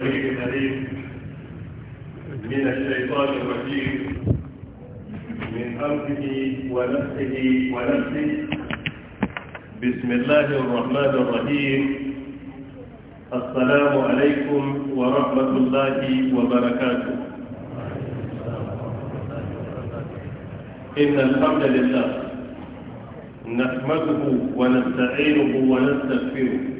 الكريم من الشيطان الرجيم من أرضه ونفسه ونفسه بسم الله الرحمن الرحيم السلام عليكم ورحمة الله وبركاته إن الحمد لله نحمده ونستعينه ونستغفره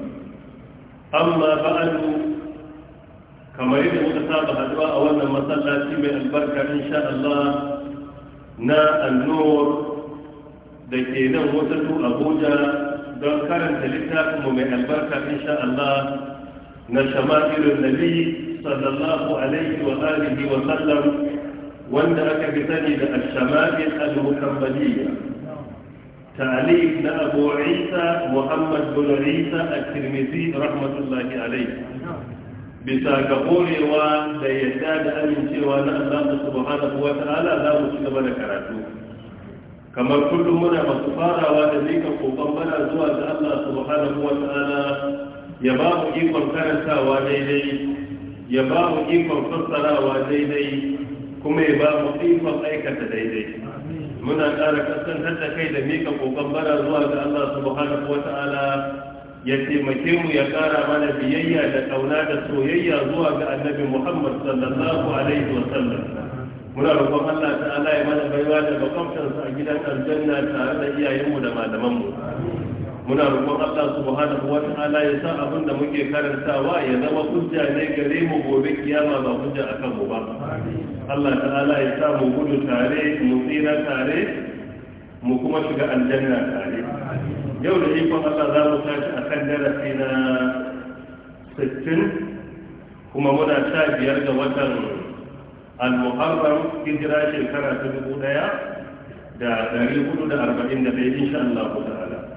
amma ba'adu kamar yadda muka saba haduwa a wannan masallaci mai albarka insha Allah na annur da ke nan wata wasatu Abuja don karanta littafinmu mai albarka insha Allah na shama'ilun nabi sallallahu alaihi wa alihi wa sallam wanda aka fi sani da al-shama'il al-muhammadiyya تعليق لأبو عيسى محمد بن عيسى الترمذي رحمة الله عليه bisa ga horewa da yadda da amincewa na Allah subhanahu wa ta'ala za mu ci gaba da karatu kamar kullum muna masu farawa da mika kokon bana zuwa ga Allah subhanahu wa ta'ala ya ba mu ikon karantawa daidai ya ba mu ikon fassarawa daidai kuma ya ba mu ikon aikata daidai muna ƙara kasantar da kai da mika kokon bara zuwa ga Allah subhanahu wata'ala ya taimake mu ya ƙara mana biyayya da ƙauna da soyayya zuwa ga annabi Muhammad sallallahu alaihi wa sallam muna roƙon Allah ta'ala ya mana baiwa da makwabtansa a gidan aljanna tare da iyayenmu da malamanmu muna roƙon Allah subhanahu wa ta'ala ya sa abin da muke karantawa ya zama hujja ne gare mu gobe kiyama ba hujja akan mu ba Allah ta'ala ya sa mu gudu tare mu tsira tare mu kuma shiga aljanna tare yau da ikon Allah za mu tashi kan darasi na 60 kuma muna sha biyar ga watan al-muharram hijira shekara ta dubu ɗaya da ɗari insha Allah ta'ala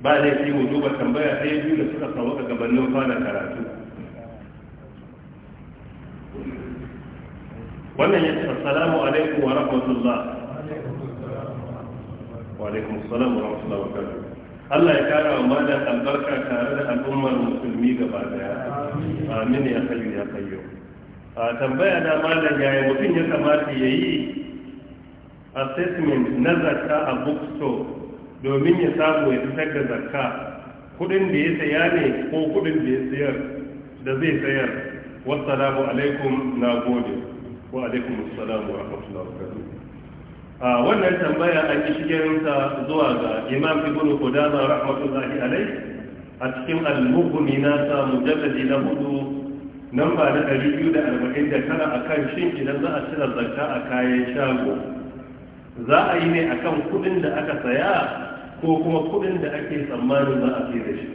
ba zai fi mu duba tambaya ɗaya biyu da suka samu ga gabanin fara karatu wannan ya ce assalamu alaikum wa rahmatullah wa alaikum assalam wa rahmatullah wa barakatuh Allah ya kara wa mada albarka tare da al'ummar musulmi gaba daya amin ya hayyu ya hayyu a tambaya na malam yayin mutum ya kamata yayi assessment na zakka a bookstore domin ya samu ya fitar da zakka kudin da ya saya ne ko kudin da ya sayar da zai sayar wassalamu alaikum na gode ko alaikum assalam a rahmatullahi wa a wannan tambaya an yi shigarinsa zuwa ga imam ibn Rahmatu, rahmatullahi Alai, a cikin al-mughni na sa mujalladi na hudu ba na 249 kan shin idan za a cire zakka a kayan shago za a yi ne akan kudin da aka saya ko kuma kuɗin da ake tsammanin za a fi da shi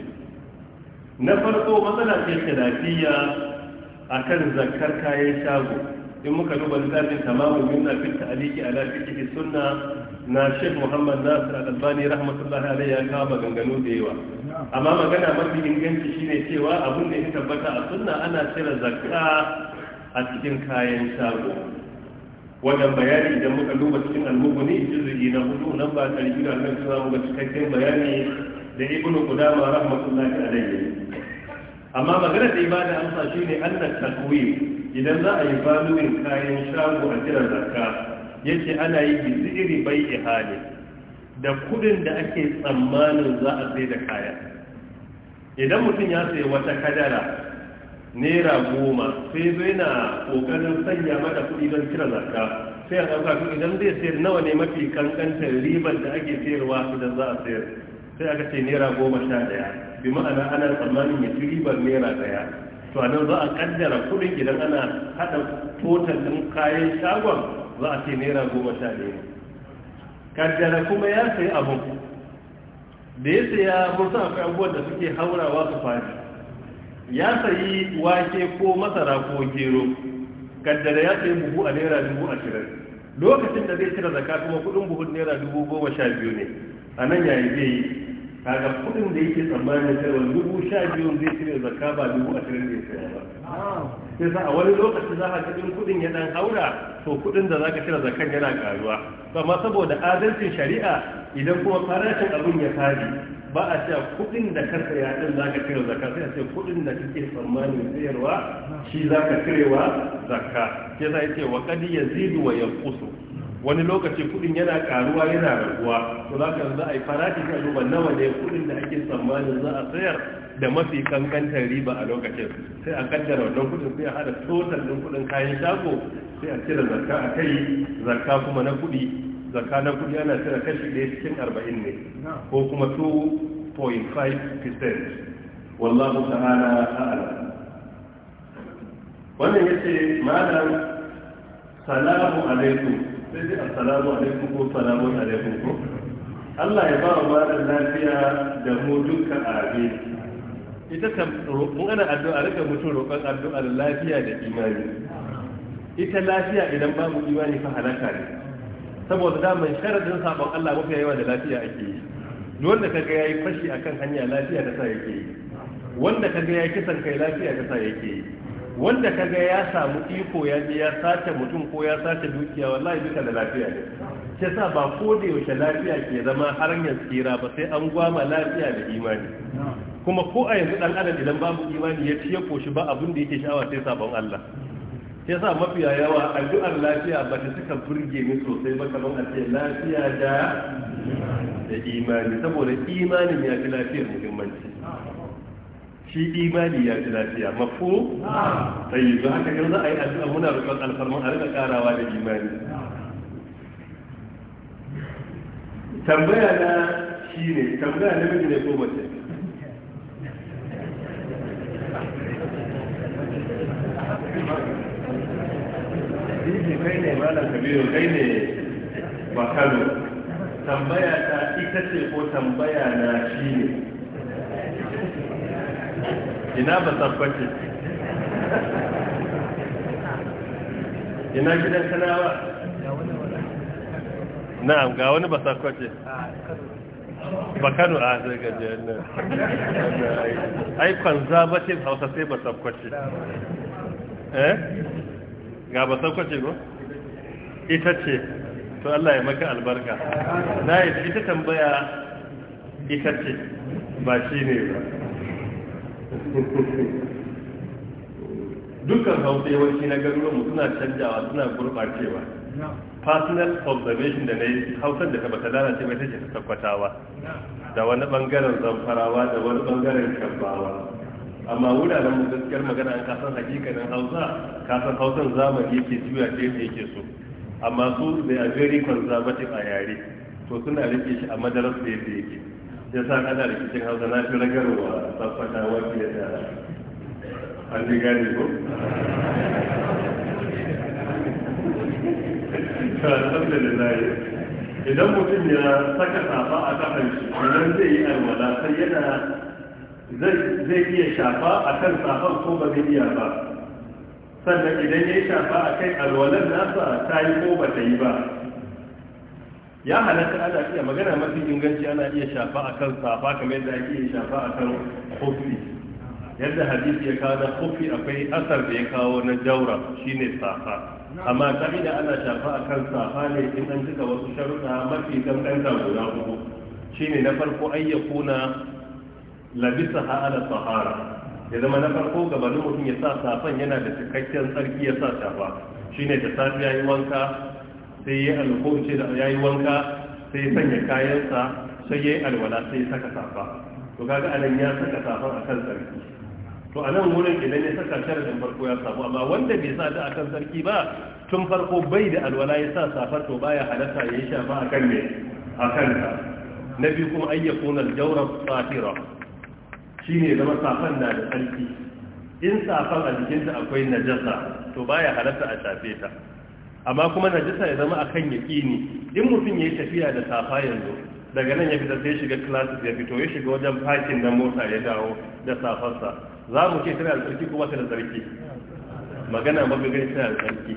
na farko matsala ce lafiya a kan zakar kayan shago in muka duba littafin tamamin yunna fi ta'aliki ala ke sunna na shek Muhammad Nasir Al-Albani rahmatullahi alaihi ya kawo maganganu da yawa amma magana mafi inganci shine cewa abin da ya tabbata a sunna ana cire zakka a cikin kayan shago wannan bayani idan muka duba cikin al-mughni juz'i na hudu nan ba ta rigira nan samu ga cikakken bayani da ibnu qudama rahmatullahi alaihi amma magana da ibada amsa shine annat takwim idan za a yi valuing kayan shago a jiran zakka yace ana yi biziri bai ihali da kudin da ake tsammanin za a sai da kaya idan mutum ya sayi wata kadara naira goma sai zai na kokarin sanya mata kuɗi don cire zakka sai a ɗauka kuɗi idan zai sayar nawa ne mafi kankantar ribar da ake sayarwa idan za a sayar sai aka ce naira goma sha ɗaya bi ma'ana ana tsammanin ya ci ribar naira ɗaya to a nan za a kaddara kuɗin idan ana haɗa total ɗin kayan shagon za a ce naira goma sha ɗaya kaddara kuma ya sayi abu da ya saya mun san akwai abubuwan da suke haurawa su fadi ya sayi wake ko masara ko gero kaddara ya sayi buhu a naira dubu ashirin lokacin da zai cire zaka kuma kudin buhun naira dubu goma sha biyu ne a nan yayi zai yi kaga kudin da yake tsammanin cewa dubu sha biyu zai cire zakka ba dubu ashirin da ya ba sai a wani lokaci za a kudin kudin ya dan haura to kudin da za ka cire zakkan yana karuwa amma saboda adalcin shari'a idan kuma farashin abin ya fadi ba a cewa kudin da ka saya din za ka cire zakka sai a ce kudin da kake tsammanin sayarwa shi za ka cirewa zakka sai za ce wa kadi ya wa yankusu wani lokaci kudin yana karuwa yana raguwa to za ka za a yi farashi a duba nawa ne kudin da ake tsammanin za a sayar da mafi kankantar riba a lokacin sai a kaddara wannan kudin sai a hada total din kudin kayan shago sai a cire zakka a kai zakka kuma na kudi zaka kudi ana cire kashi ɗaya cikin arba'in ne ko kuma 2.5% wallahu ta'ala ta'ala wannan ya ce malam salamu alaikum sai dai assalamu alaikum ko salamun alaikum ko Allah ya ba wa malam lafiya da mu dukkan amin ita ta mun ana addu'a rika mutum roƙon addu'ar lafiya da imani ita lafiya idan babu imani fa halaka ne saboda daman sharadin sabon Allah mafi yawa da lafiya ake yi wanda kaga yayi fashi akan hanya lafiya da sa yake yi wanda kaga yayi kisan kai lafiya da sa yake yi wanda kaga ya samu iko ya je ya sace mutum ko ya sace dukiya wallahi duka da lafiya ne ke sa ba ko da yaushe lafiya ke zama har yanzu tsira ba sai an gwama lafiya da imani kuma ko a yanzu dan adam idan babu imani ya ciye koshi ba abin da yake sha'awa sai sabon Allah yasa mafiya yawa addu'ar lafiya ba ta suka burge ni sosai ba kamar a ce lafiya da da imani saboda imanin ya fi lafiyar muhimmanci shi imani ya fi lafiya ta yi zuwa haka yanzu a yi addu'a muna rukun alfarman a rika karawa da imani tambaya na shi ne tambaya namiji ne ko mace kai ne malam kabiru kai ne ba kano tambaya ta ita ce ko tambaya na shi ne ina ba tabbace ina gidan kanawa na'am ga wani ba sakwace ba kano a ah, zai gajiyar nan aikon zabatin hausa sai ba sakwace eh ga ba sakwace ba ita ce to Allah ya maka albarka na yi ita tambaya ita ce ba shi ne ba dukkan hausa yawanci na garuruwanmu suna canjawa suna gurɓacewa personal observation da na yi hausar da ta bata lalace ba take ta tabbatawa da wani ɓangaren zamfarawa da wani ɓangaren shabbawa amma wuraren mu gaskiyar magana an kasan hakikanin hausa kasan hausan zamani yake juya ce yadda yake so amma su da a very conservative a yare to suna rike shi a madaras da yadda yake ya sa ana rikicin hausa na fi ragarwa saffata wakil da an ji gane ko idan mutum ya saka safa a kafan shi idan zai yi alwala sai yana zai iya shafa a kan safan ko ba zai iya ba sannan idan ya shafa a kai alwalar nasa ta yi ko ba ta yi ba ya halatta ana iya magana mafi inganci ana iya shafa a kan safa kamar yadda ake shafa a kan kofi yadda hadisi ya kawo na kofi akwai asar da ya kawo na jaura shine safa amma da ana shafa a kan safa ne in an cika wasu sharuɗa mafi kankanta guda uku shine na farko ayyakuna labisa ha'ala sahara ya zama na farko gabanin mutum ya sa safan yana da cikakken tsarki ya sa safa Shi ne da safi ya yi wanka sai ya alkoce da ya yi wanka sai ya sanya kayansa sai ya yi alwala sai ya saka safa to kaga anan ya saka safan a kan tsarki to a nan wurin idan ya saka da farko ya samu amma wanda bai sa ta a kan tsarki ba tun farko bai da alwala ya sa safar to baya halatta ya yi shafa a kan ne a kanka na biyu kuma ayyakunar aljawrar tsafira Shi ne zama safan na da tsarki in safan a jikinta akwai najasa to baya halatta a shafe ta amma kuma najasa ya zama akan yaƙini in mutum ya yi tafiya da safa yanzu daga nan ya fita sai shiga classes ya fito ya shiga wajen fakin na mota ya dawo da safarsa za mu ce tana da tsarki kuma tana da tsarki magana mafi gani tana tsarki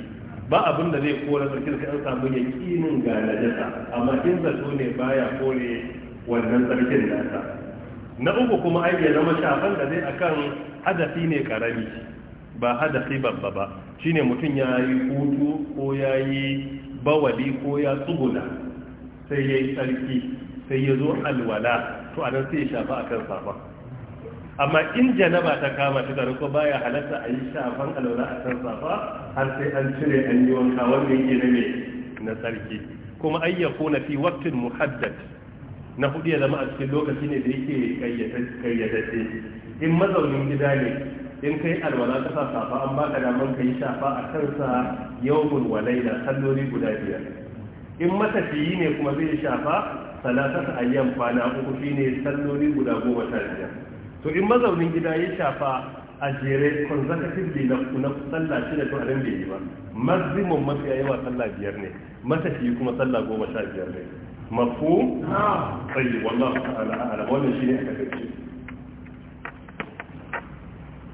ba abin da zai kora tsarki da an samu ya ga najasa amma in zato ne baya kore wannan tsarkin nasa na uku kuma ai ya zama shafan da zai akan hadafi ne karami ba hadafi babba ba shine mutum ya yi hutu ko ya yi bawali ko ya tsuguna sai ya yi tsarki sai ya zo alwala to anan sai ya shafa akan safa amma in janaba ta kama ta ko baya halatta a yi shafan alwala kan safa har sai an cire an yi wanka wanda yake na me na tsarki kuma ayyakuna fi waqtin muhaddad na hudu ya zama a cikin lokaci ne da yake kayyadadde in mazaunin gida ne in kai alwala ta sa safa an baka daman kai shafa a kansa yawmul walaila salloli guda biyar in matafiyi ne kuma zai shafa salatata ayyan kwana uku shine salloli guda goma sha biyar to in mazaunin gida ya shafa a jere consecutively na na sallah shida to aran bai yi ba mazimun mafiya yawa sallah biyar ne matafiyi kuma sallah goma sha biyar ne مفهوم طيب والله تعالى أعلم ولا شيء أكثر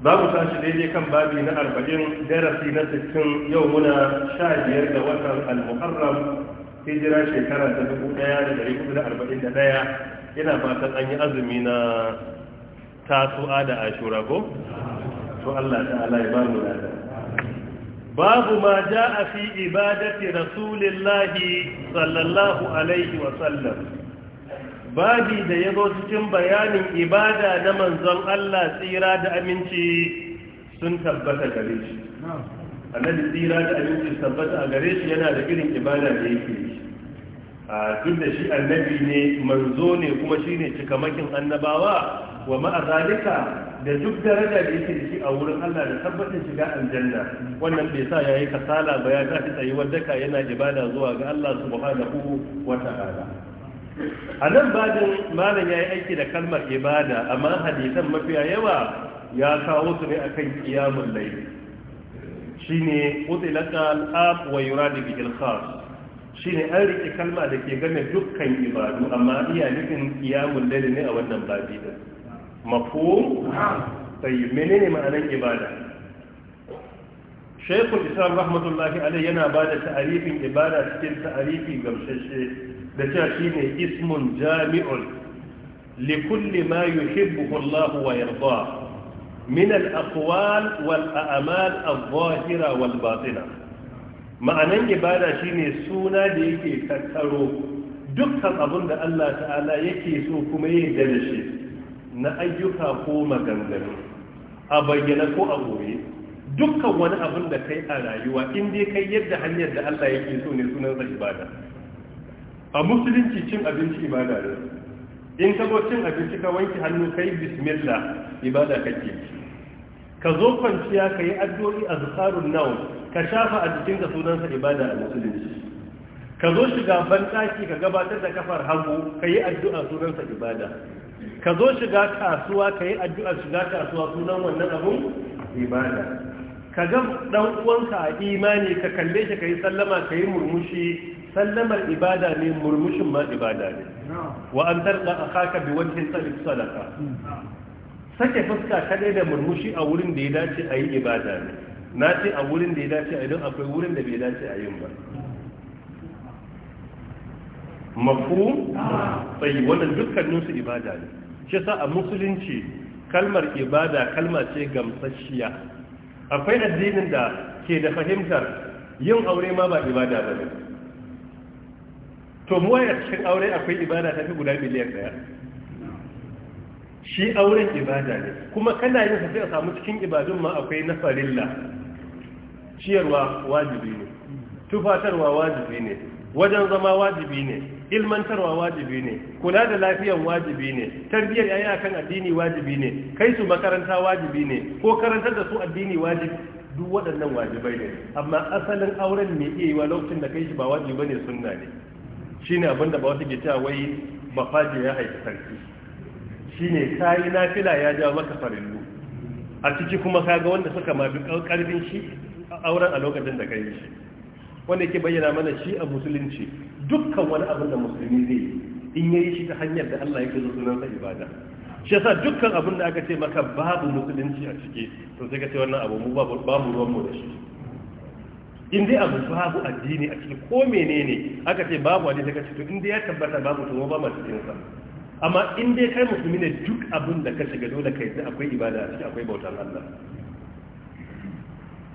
babu tashi daidai kan babi na arba'in darasi na sittin yau muna sha biyar da watan al-muharram hijira shekara ta dubu ɗaya da dari hudu da arba'in da ɗaya ina fatan an yi azumi na tasu'a da ashura ko to allah ta'ala ya ba mu lada babu ma a fi ibadati rasulillahi sallallahu alaihi wasallam babi da ya zo cikin bayanin ibada na manzon Allah tsira da aminci sun tabbata gare shi annabi tsira da aminci tabbata a gare shi yana da irin ibada da yake yi duk da shi annabi ne manzo ne kuma shi ne cikamakin annabawa wa ma'azalika da duk daraja da yake shi a wurin Allah da tabbatin shiga aljanna wannan bai sa yayi kasala ba ya tafi tsayuwar daka yana ibada zuwa ga Allah subhanahu wa ta'ala a nan bajin malam yayi aiki da kalmar ibada amma hadisan mafiya yawa ya kawo su ne akan qiyamul layl shine utilaka al-ab wa yuradu bihi al-khas shine an riƙe kalma da ke game dukkan ibadu amma iya nufin kiyamun dare ne a wannan babi da mafu mafhum mene ne ma'anar ibada shekul Islam rahmatullahi alai yana ba da ta'arifin ibada cikin ta'arifi gamsashe da cewa shi ne ismun jami'ul likulli ma yi shibbu لكل ما يحبه الله ويرضاه من الأقوال والأعمال wal batina ma'anan ibada shine suna da yake tattaro dukkan abin da Allah ta'ala yake so kuma ya da shi na ayyuka ko maganganu a bayyana ko a goye dukkan wani abin da kai a rayuwa in dai kai yadda hanyar da Allah yake so ne sunan sa ibada a musulunci cin abinci ibada ne in ka zo cin abinci ka wanke hannu kai bismillah ibada kake ka zo kwanciya ka yi addu'o'i azkarun nawm ka shafa a jikinka sunansa ibada a musulunci ka zo shiga banɗaki ka gabatar da kafar hagu ka yi addu'a sunansa ibada ka zo shiga kasuwa ka yi addu'a shiga kasuwa sunan wannan abun ibada ka ga ɗan'uwanka a imani ka kalle shi ka yi sallama ka yi murmushi sallamar ibada ne murmushin ma ibada ne wa an tarda akaka bi wajhin salif sadaka sake fuska kadai da murmushi a wurin da ya dace a yi ibada ne na ce a wurin da ya dace a idan akwai wurin da bai dace a yin ba mafu tsayi wannan dukkaninsu ibada ne shi sa a musulunci kalmar ibada kalma ce gamsashiya akwai addinin da ke da fahimtar yin aure ma ba ibada ba ne to muwa cikin aure akwai ibada ta fi guda miliyan daya shi auren ibada ne kuma kana yin sa sai a samu cikin ibadun ma akwai na farilla ciyarwa wajibi ne tufatarwa wajibi ne wajen zama wajibi ne ilmantarwa wajibi ne kula da lafiyan wajibi ne tarbiyyar yayi akan addini wajibi ne kai su makaranta wajibi ne ko karantar da su addini wajibi duk waɗannan wajibai ne amma asalin auren ne iya yiwa lokacin da kai shi ba wajibi ne sunna ne shine abinda da ba wata ke cewa wai mafaji ya haifi sarki shine kayi nafila ya jawo maka farillu a ciki kuma kaga wanda suka ma bi karfin shi auren a lokacin da kai shi wanda yake bayyana mana shi a musulunci dukkan wani abin da musulmi zai yi in yayi shi ta hanyar da Allah yake sunan sa ibada shi yasa dukkan abin da aka ce maka babu musulunci a ciki to sai ka ce wannan abu mu babu babu ruwan mu da shi in dai abu babu addini a ciki ko menene aka ce babu addini sai ka ce to in dai ya tabbata babu to mu ba mu cikin sa amma in dai kai musulmi ne duk abin da ka shiga dole kai sai akwai ibada a ciki akwai bautar Allah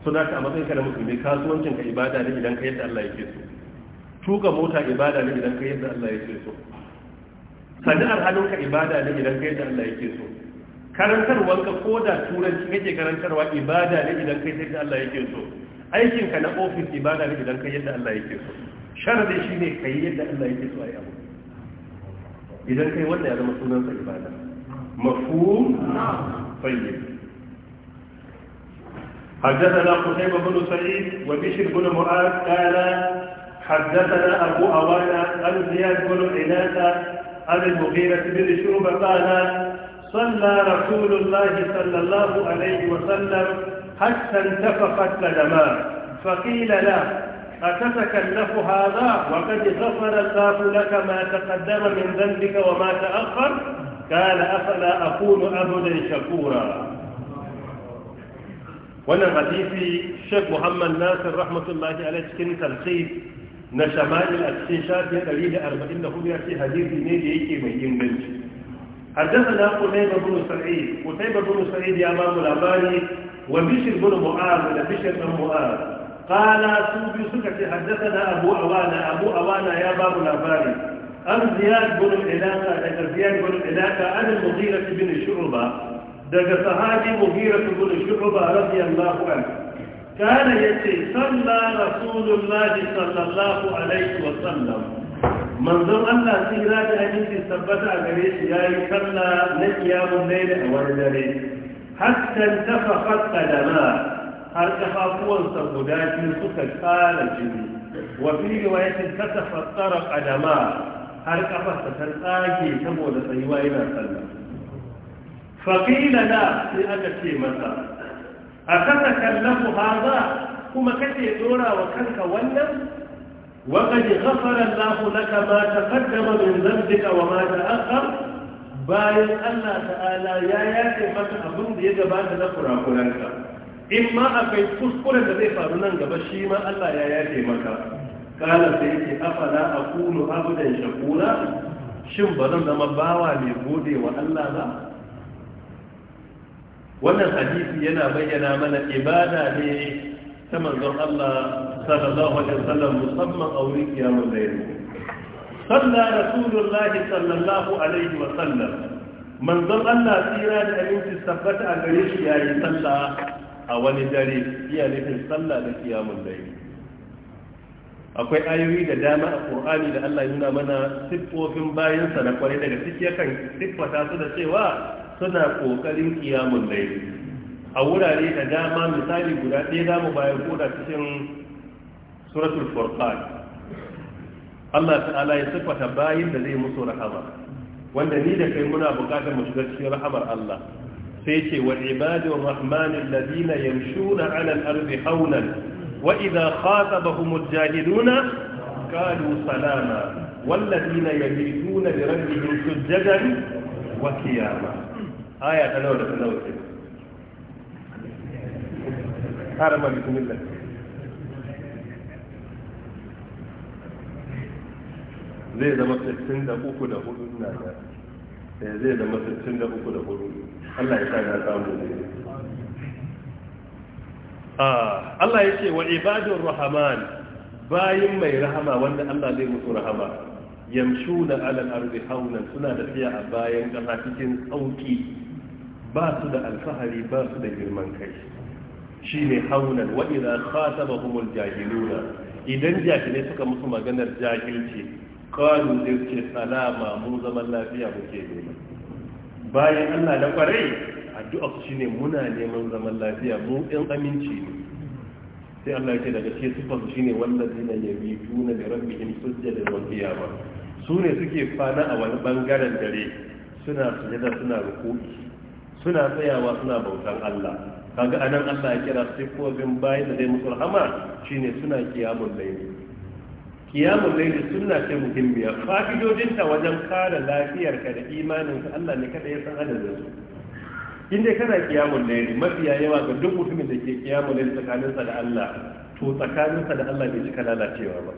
so da ka a matsayin ka musulmi kasuwancin ka ibada ne idan ka yadda Allah yake so tuka mota ibada ne idan ka yadda Allah yake so sana'ar halin ka ibada ne idan ka yadda Allah yake so karantarwa ka ko da turanci kake karantarwa ibada ne idan ka yadda Allah yake so aikin ka na ofis ibada ne idan ka yadda Allah yake so sharadi shine kai yadda Allah yake so ai abu idan kai wanda ya zama sunan sa ibada mafhum tayyib حدثنا قتيبة بن سعيد وبشر بن معاذ قال حدثنا أبو أوانا عن زياد بن عناسة عن المغيرة بن شعبة قال صلى رسول الله صلى الله عليه وسلم حتى انتفخت قدماه فقيل له أتتكلف هذا وقد غفر الله لك ما تقدم من ذنبك وما تأخر قال أفلا أكون أبدا شكورا وانا حديثي الشيخ محمد ناصر رحمة الله عليه كن تلخيص نشمائل أتشنشات دليل أربعين لهم يأتي حديثي نيدي إيكي مهين منش حدثنا قتيبة بن سعيد قتيبة بن سعيد يا أمام الأباني وبشر بن معاذ وبشر بن معاذ قال سوبي سكتي حدثنا أبو أوانا أبو أوانا يا باب الأباري أم زياد بن العلاقة زياد بن العلاقة عن المغيرة بن شعبة دق صحابي مغيرة بن شعبة رضي الله عنه كان يتي صلى رسول الله صلى الله عليه وسلم من ظن الله سيرات أجل ثبت أجريش يا يكلا نقيام الليل أول الليل حتى انتفخت قدماه har kafafuwansa guda biyu suka tsara jini wa fi riwayatin ta tafassara qadama har ƙafarsa ta tsage saboda tsayuwa yana sallah faqila la sai aka ce masa kasa kallafu haza? kuma kake dora wa kanka wannan وقد na الله لك ما تقدم من wa mata تأخر bayan Allah ta'ala ya yace maka abin da ya gabata na kurakuranka in ma akwai kuskuren da zai faru nan gaba shi ma Allah ya yafe maka kala sai yake afala aqulu abdan shakura shin ba zan zama bawa mai gode wa Allah ba wannan hadisi yana bayyana mana ibada ne ta manzon Allah sallallahu alaihi wasallam musamman a wurin kiyamun layli صلى رسول الله صلى الله عليه وسلم tsira da aminci سيرا a تثبت أغريش يا sallah? a wani dare iya nufin sallah da kiyamun dare akwai ayoyi da dama a ƙur'ani da Allah nuna mana siffofin bayansa na kwarai daga ciki yakan siffata su da cewa suna ƙoƙarin kiyamun dare a wurare da dama misali guda ɗaya za mu ko da cikin suratul furqan Allah ta'ala ya siffata bayin da zai musu rahama wanda ni da kai muna buƙatar mu shiga cikin rahamar Allah sai ce wa da rahmanil ya yamshuna ala al-ardi hawlan wa ba kuma jahiluna qalu salama والذين يبيتون لربهم سجدا وقياما آية تنوى تنوى حرم بسم الله zai zama 63 da hudu na eh, zai zama 63 da hudu Allah ya sa samu ah, Allah ya ce wa ibadun rahaman bayin mai rahama wanda Allah zai mutu rahama Yamshu na alal arzi haunan suna da tafiya a bayan kasa cikin sauki ba su da alfahari ba su da girman kai Shi shine haunan wa ba kuma jahiluna idan jahilai suka musu maganar jahilci qalu zai ce salama mu zaman lafiya muke nema bayan Allah da kwarai addu'a su shine muna neman zaman lafiya mu 'yan aminci ne sai Allah yake ce daga cikin sifar su shine wallazina yabituna da rabbihim sujjadan da qiyama su ne suke fana a wani bangaren dare suna sujada suna ruku'i suna tsayawa suna bautan Allah kaga anan Allah ya kira sifofin bayan da dai musulhama shine suna kiyamul layli kiyamun laili sunna ce muhimmiya fa'idodinta wajen kare ka da ka Allah ne kada ya san adadin su in dai kana kiyamun laili mafiya yawa ga duk mutumin da ke kiyamun laili tsakaninsa da Allah to tsakaninsa da Allah bai cika lalacewa ba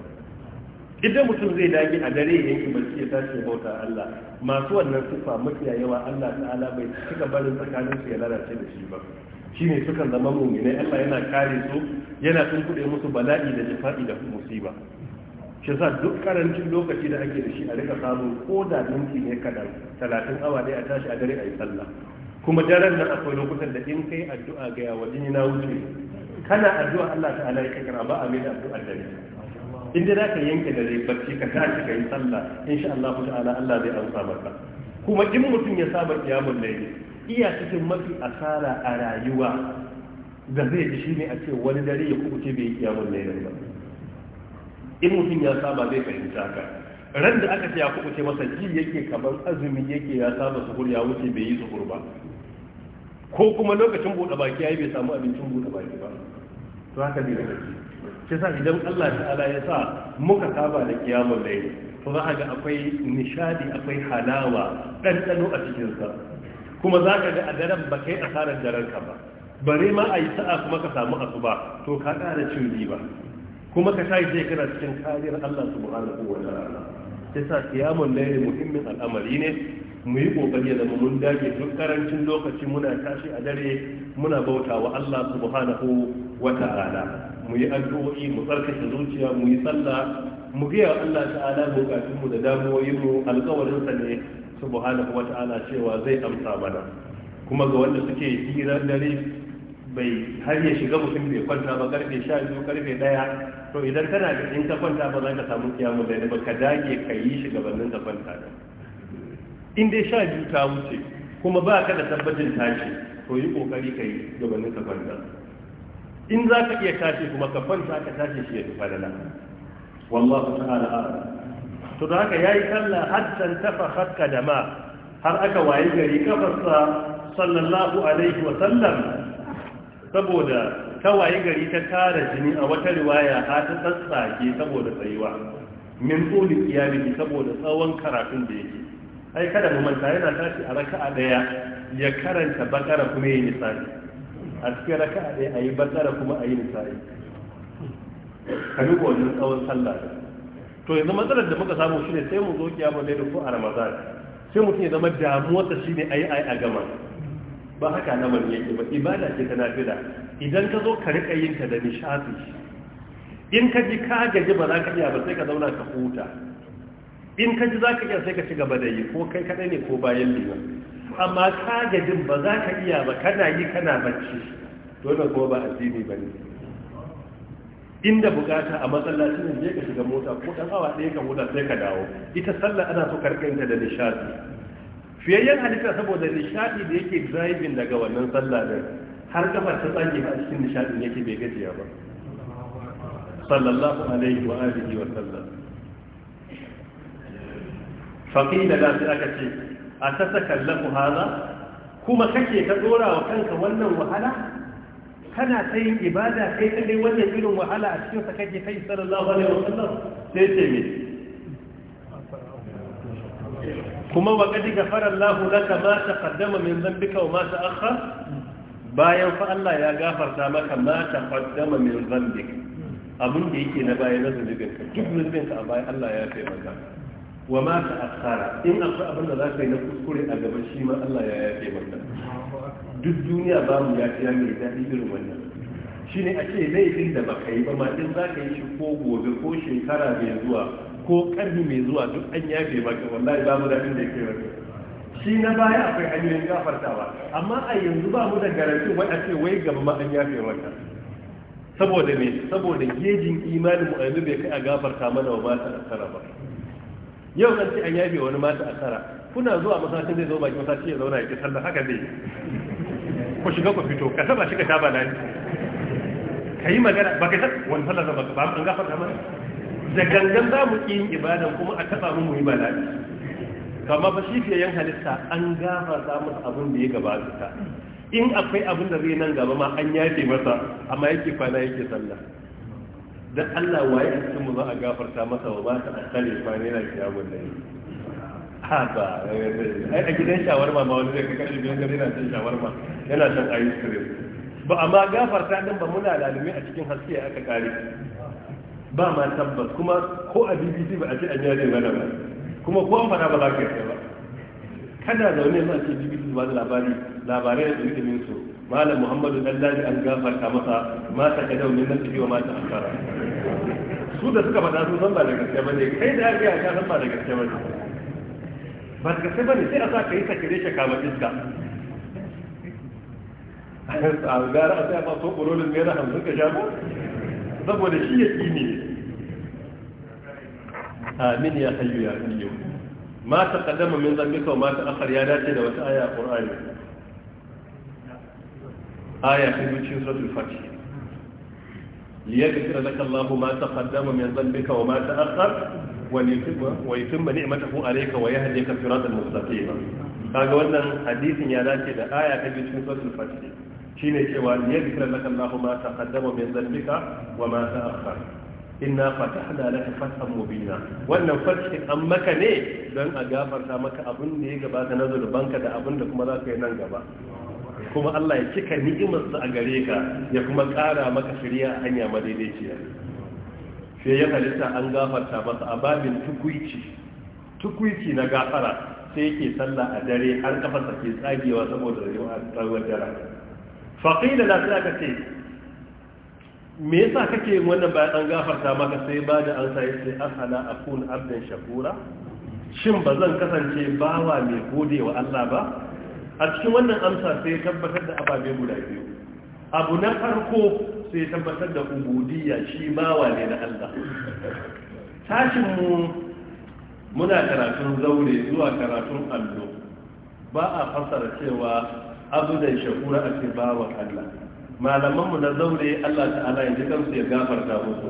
idan mutum zai dage a dare ya yi ya tashi bauta Allah masu wannan sifa mafiya yawa Allah ta'ala bai cika barin tsakanin tsakaninsu ya lalace da shi ba shine sukan zama mu'minai Allah yana kare su yana tunkuɗe musu bala'i da jifa'i da musiba shi sa duk karancin lokaci da ake da shi a rika samu ko da minti ne kadan talatin awa dai a tashi a dare a yi sallah kuma daren nan akwai lokutan da in kai addu'a ga yawa jini na wuce kana addu'a Allah ta'ala ya kakar ba a mai addu'a dare in dai zaka yanke dare barci ka tashi ka yi sallah insha Allah ta'ala Allah zai amsa maka kuma in mutum ya saba kiyamul layli iya cikin mafi asara a rayuwa da zai ji ne a ce wani dare ya kubuce bai yi kiyamul layli ba in mutum ya saba zai fahimta haka ran da aka ce ya kuɓuce masa ji yake kamar azumi yake ya saba suhur ya wuce bai yi suhur ba ko kuma lokacin buɗe baki ya yi bai samu abincin buɗe baki ba to haka ne da kake shi sa idan Allah ta'ala ya sa muka saba da kiyamun laili to za ga akwai nishadi akwai halawa ɗanɗano a cikinsa kuma za ka ga a daren ba kai asarar daren ka ba bare ma a yi sa'a kuma ka samu asuba to ka ƙara cin riba kuma ka tashi sai kana cikin kariyar Allah subhanahu wa ta'ala sai kiyamun laili muhimmin al'amari ne mu yi kokari da mun dage duk karancin lokaci muna tashi a dare muna bautawa wa Allah subhanahu wa ta'ala mu yi addu'o'i mu tsarkake zuciya mu yi sallah mu ga Allah ta'ala bukatun mu da damuwoyin mu alƙawarin sa ne subhanahu wa ta'ala cewa zai amsa mana kuma ga wanda suke hira dare bai har ya shiga mutum bai kwanta ba karfe sha biyu karfe daya to idan kana da in ka kwanta ba za ka samu kiyamu da ba ka dage ka yi shi gabanin ka kwanta da in dai sha biyu ta wuce kuma ba ka da tabbacin tashi to yi kokari ka yi gabanin ka kwanta in za ka iya tashi kuma ka kwanta ka tashi shi ya fi falala wallahu ta'ala a'lam to da haka yayi sallah haddan da ma har aka waye gari kafarsa sallallahu alaihi wa sallam saboda tawaye gari ta tara jini a wata riwaya ha ta tsatsake saboda tsayuwa min tsoli iyalin saboda tsawon karatun da yake ai kada mu manta yana tashi a raka'a daya ya karanta bakara kuma yi misali a cikin raka'a daya ayi bakara kuma ayi misali ka ko wajen tsawon sallah to yanzu matsalar da muka samu shine sai mu zo kiyama ne da ko a ramadan sai mutum ya zama damuwarsa shine ayi ayi a gama ba haka na bari yake ba ibada ce ta nafila idan ka zo ka riƙa yin ta da nishafi in ka ji ka gaji ba za ka iya ba sai ka zauna ka huta in ka ji za ka iya sai ka ci gaba da yi ko kai kaɗai ne ko bayan liman amma ka gajin ba za ka iya ba kana yi kana bacci dole kuma ba addini ba ne inda bukata a matsalaci ne je ka shiga mota ko ɗan awa ɗaya ka huta sai ka dawo ita sallah ana so ka karkanta da nishadi fiyayyen halitta saboda nishadi da yake driving daga wannan sallah din har kafar ta tsage a cikin nishadin yake bai gajiya ba sallallahu alaihi wa alihi wa sallam faqila la sai aka ce a tatakallafu hada kuma kake ka dora wa kanka wannan wahala kana ta yin ibada kai kadai wannan irin wahala a cikin sa kake kai sallallahu alaihi wa sallam sai ce me kuma wa qad ghafara Allahu laka ma taqaddama min dhanbika wa ma ta'akhkhar bayan fa Allah ya gafarta maka ma taqaddama min dhanbik abun da yake na bayan zunubin ka duk zunubin ka a bayan Allah ya fi maka wa ma ta'akhkhara in akwai abin da za ka yi na kuskure a gaban shi ma Allah ya yafe maka duk duniya ba mu yafiya mai daɗi irin wannan shine a ce laifin da baka yi ba ma in za yi shi ko gobe ko shekara mai zuwa ko karni mai zuwa duk an yafe maka wallahi ba mu da abin da yake wani. shi na baya akwai hanyoyin gafartawa amma a yanzu ba mu da garanti wai a ce wai gaba ma an yafe maka saboda me saboda gejin imanin mu yanzu bai kai a gafarta mana wa mata tsara ba yau zan ce an yafe wani mata asara kuna zuwa masallacin zai zo baki masallaci ya zauna ya ke sallah haka dai ku shiga ku fito ka saba shiga ta saba ne. ka yi magana ba ka san wani sallah ba ba an gafarta mana da gangan za mu ƙi yin ibadan kuma a taɓa mu yi bala'i kama ba shi fiye yan halitta an gafa za mu abin da ya ta. in akwai abin da zai nan gaba ma an yafe masa amma yake kwana yake sallah da Allah waye a cikin mu za a gafarta masa wa ba ta asali kwana yana kiyamun da yake haba ai a gidan shawarma ma wani zai kakashi biyan gari yana cin shawarma yana shan ice cream ba amma gafarta din ba muna lalume a cikin haske aka kare ba ma tabbas kuma ko a bbc ba a ce an yare mana ba kuma ko an fara ba za ka yarda ba da wani ma ce bbc ba da labari labarai da min su malam muhammadu dallaji an gafarta masa ma ta kadau wani nan wa ma ta asara su da suka faɗa sun san ba da gaske bane kai da ake a ka san ba da gaske bane ba da gaske bane sai a sa ka yi sakire shi kama iska a gara a sai a faso so ƙorolin naira hamsin ka shago saboda shi ya ƙini ne amin ya hayyu ya hayyu ma ta min zambika wa mata ta ya dace da wata aya a qur'ani aya ta mata cikin suratul fatih ليغفر mata الله ما تقدم من ذنبك وما تأخر ويتم نعمته عليك ويهديك صراطا مستقيما kaga wannan hadisin ya dace da aya ta biyu suratul shine cewa ya kira laka Allahu ma kaddama min dhanbika wa ma ta'akhkhar inna fatahna laka fathan mubina wannan fathi an maka ne don a gafarta maka abin da ya gabata na zurbanka da abin da kuma za ka yi nan gaba kuma Allah ya cika ni'imarsa a gare ka ya kuma ƙara maka shirya a hanya madaidaiciya fiye ya halitta an gafarta masa a babin tukwici tukwici na gafara sai yake sallah a dare har kafarsa ke tsagewa saboda rayuwar dare faƙila da sai aka ce me yasa kake wannan bayan an gafarta maka sai ba da an sai sai asala kun abin shakura shin ba zan kasance bawa mai gode wa Allah ba a cikin wannan amsa sai tabbatar da ababe guda biyu abu na farko sai tabbatar da ubudiyya shi bawa ne na Allah tashin mu muna karatun zaure zuwa karatun allo ba a fasara cewa abdan shakura a ce bawan Allah malamanmu na zaure Allah ta'ala ya ji kansu ya gafarta musu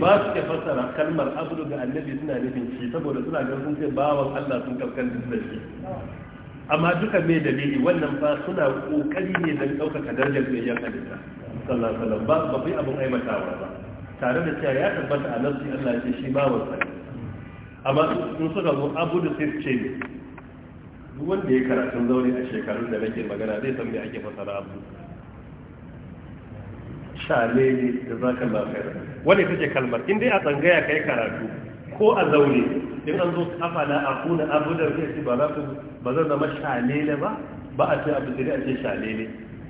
ba su ke fassara kalmar abdu ga annabi suna nufin shi saboda suna ga sun ce bawan Allah sun kafkan da shi amma duka mai dalili wannan fa suna kokari ne don ɗaukaka darajar yan halitta sallallahu alaihi wasallam ba ba bai abun aibatawa ba tare da cewa ya tabbata a nafsi Allah ya ce shi bawan sa amma sun suka zo abudu sai ce duk wanda ya karatun zaune a shekarun da nake magana zai san me ake fasara abu shale ne da za ka lafiyar wani take kalmar in dai a tsangaya kai karatu ko a zaune in an zo kafa na a kuna abu da zai ce ba za ku ba zan zama ne ba ba a ce abu sai a ce ne.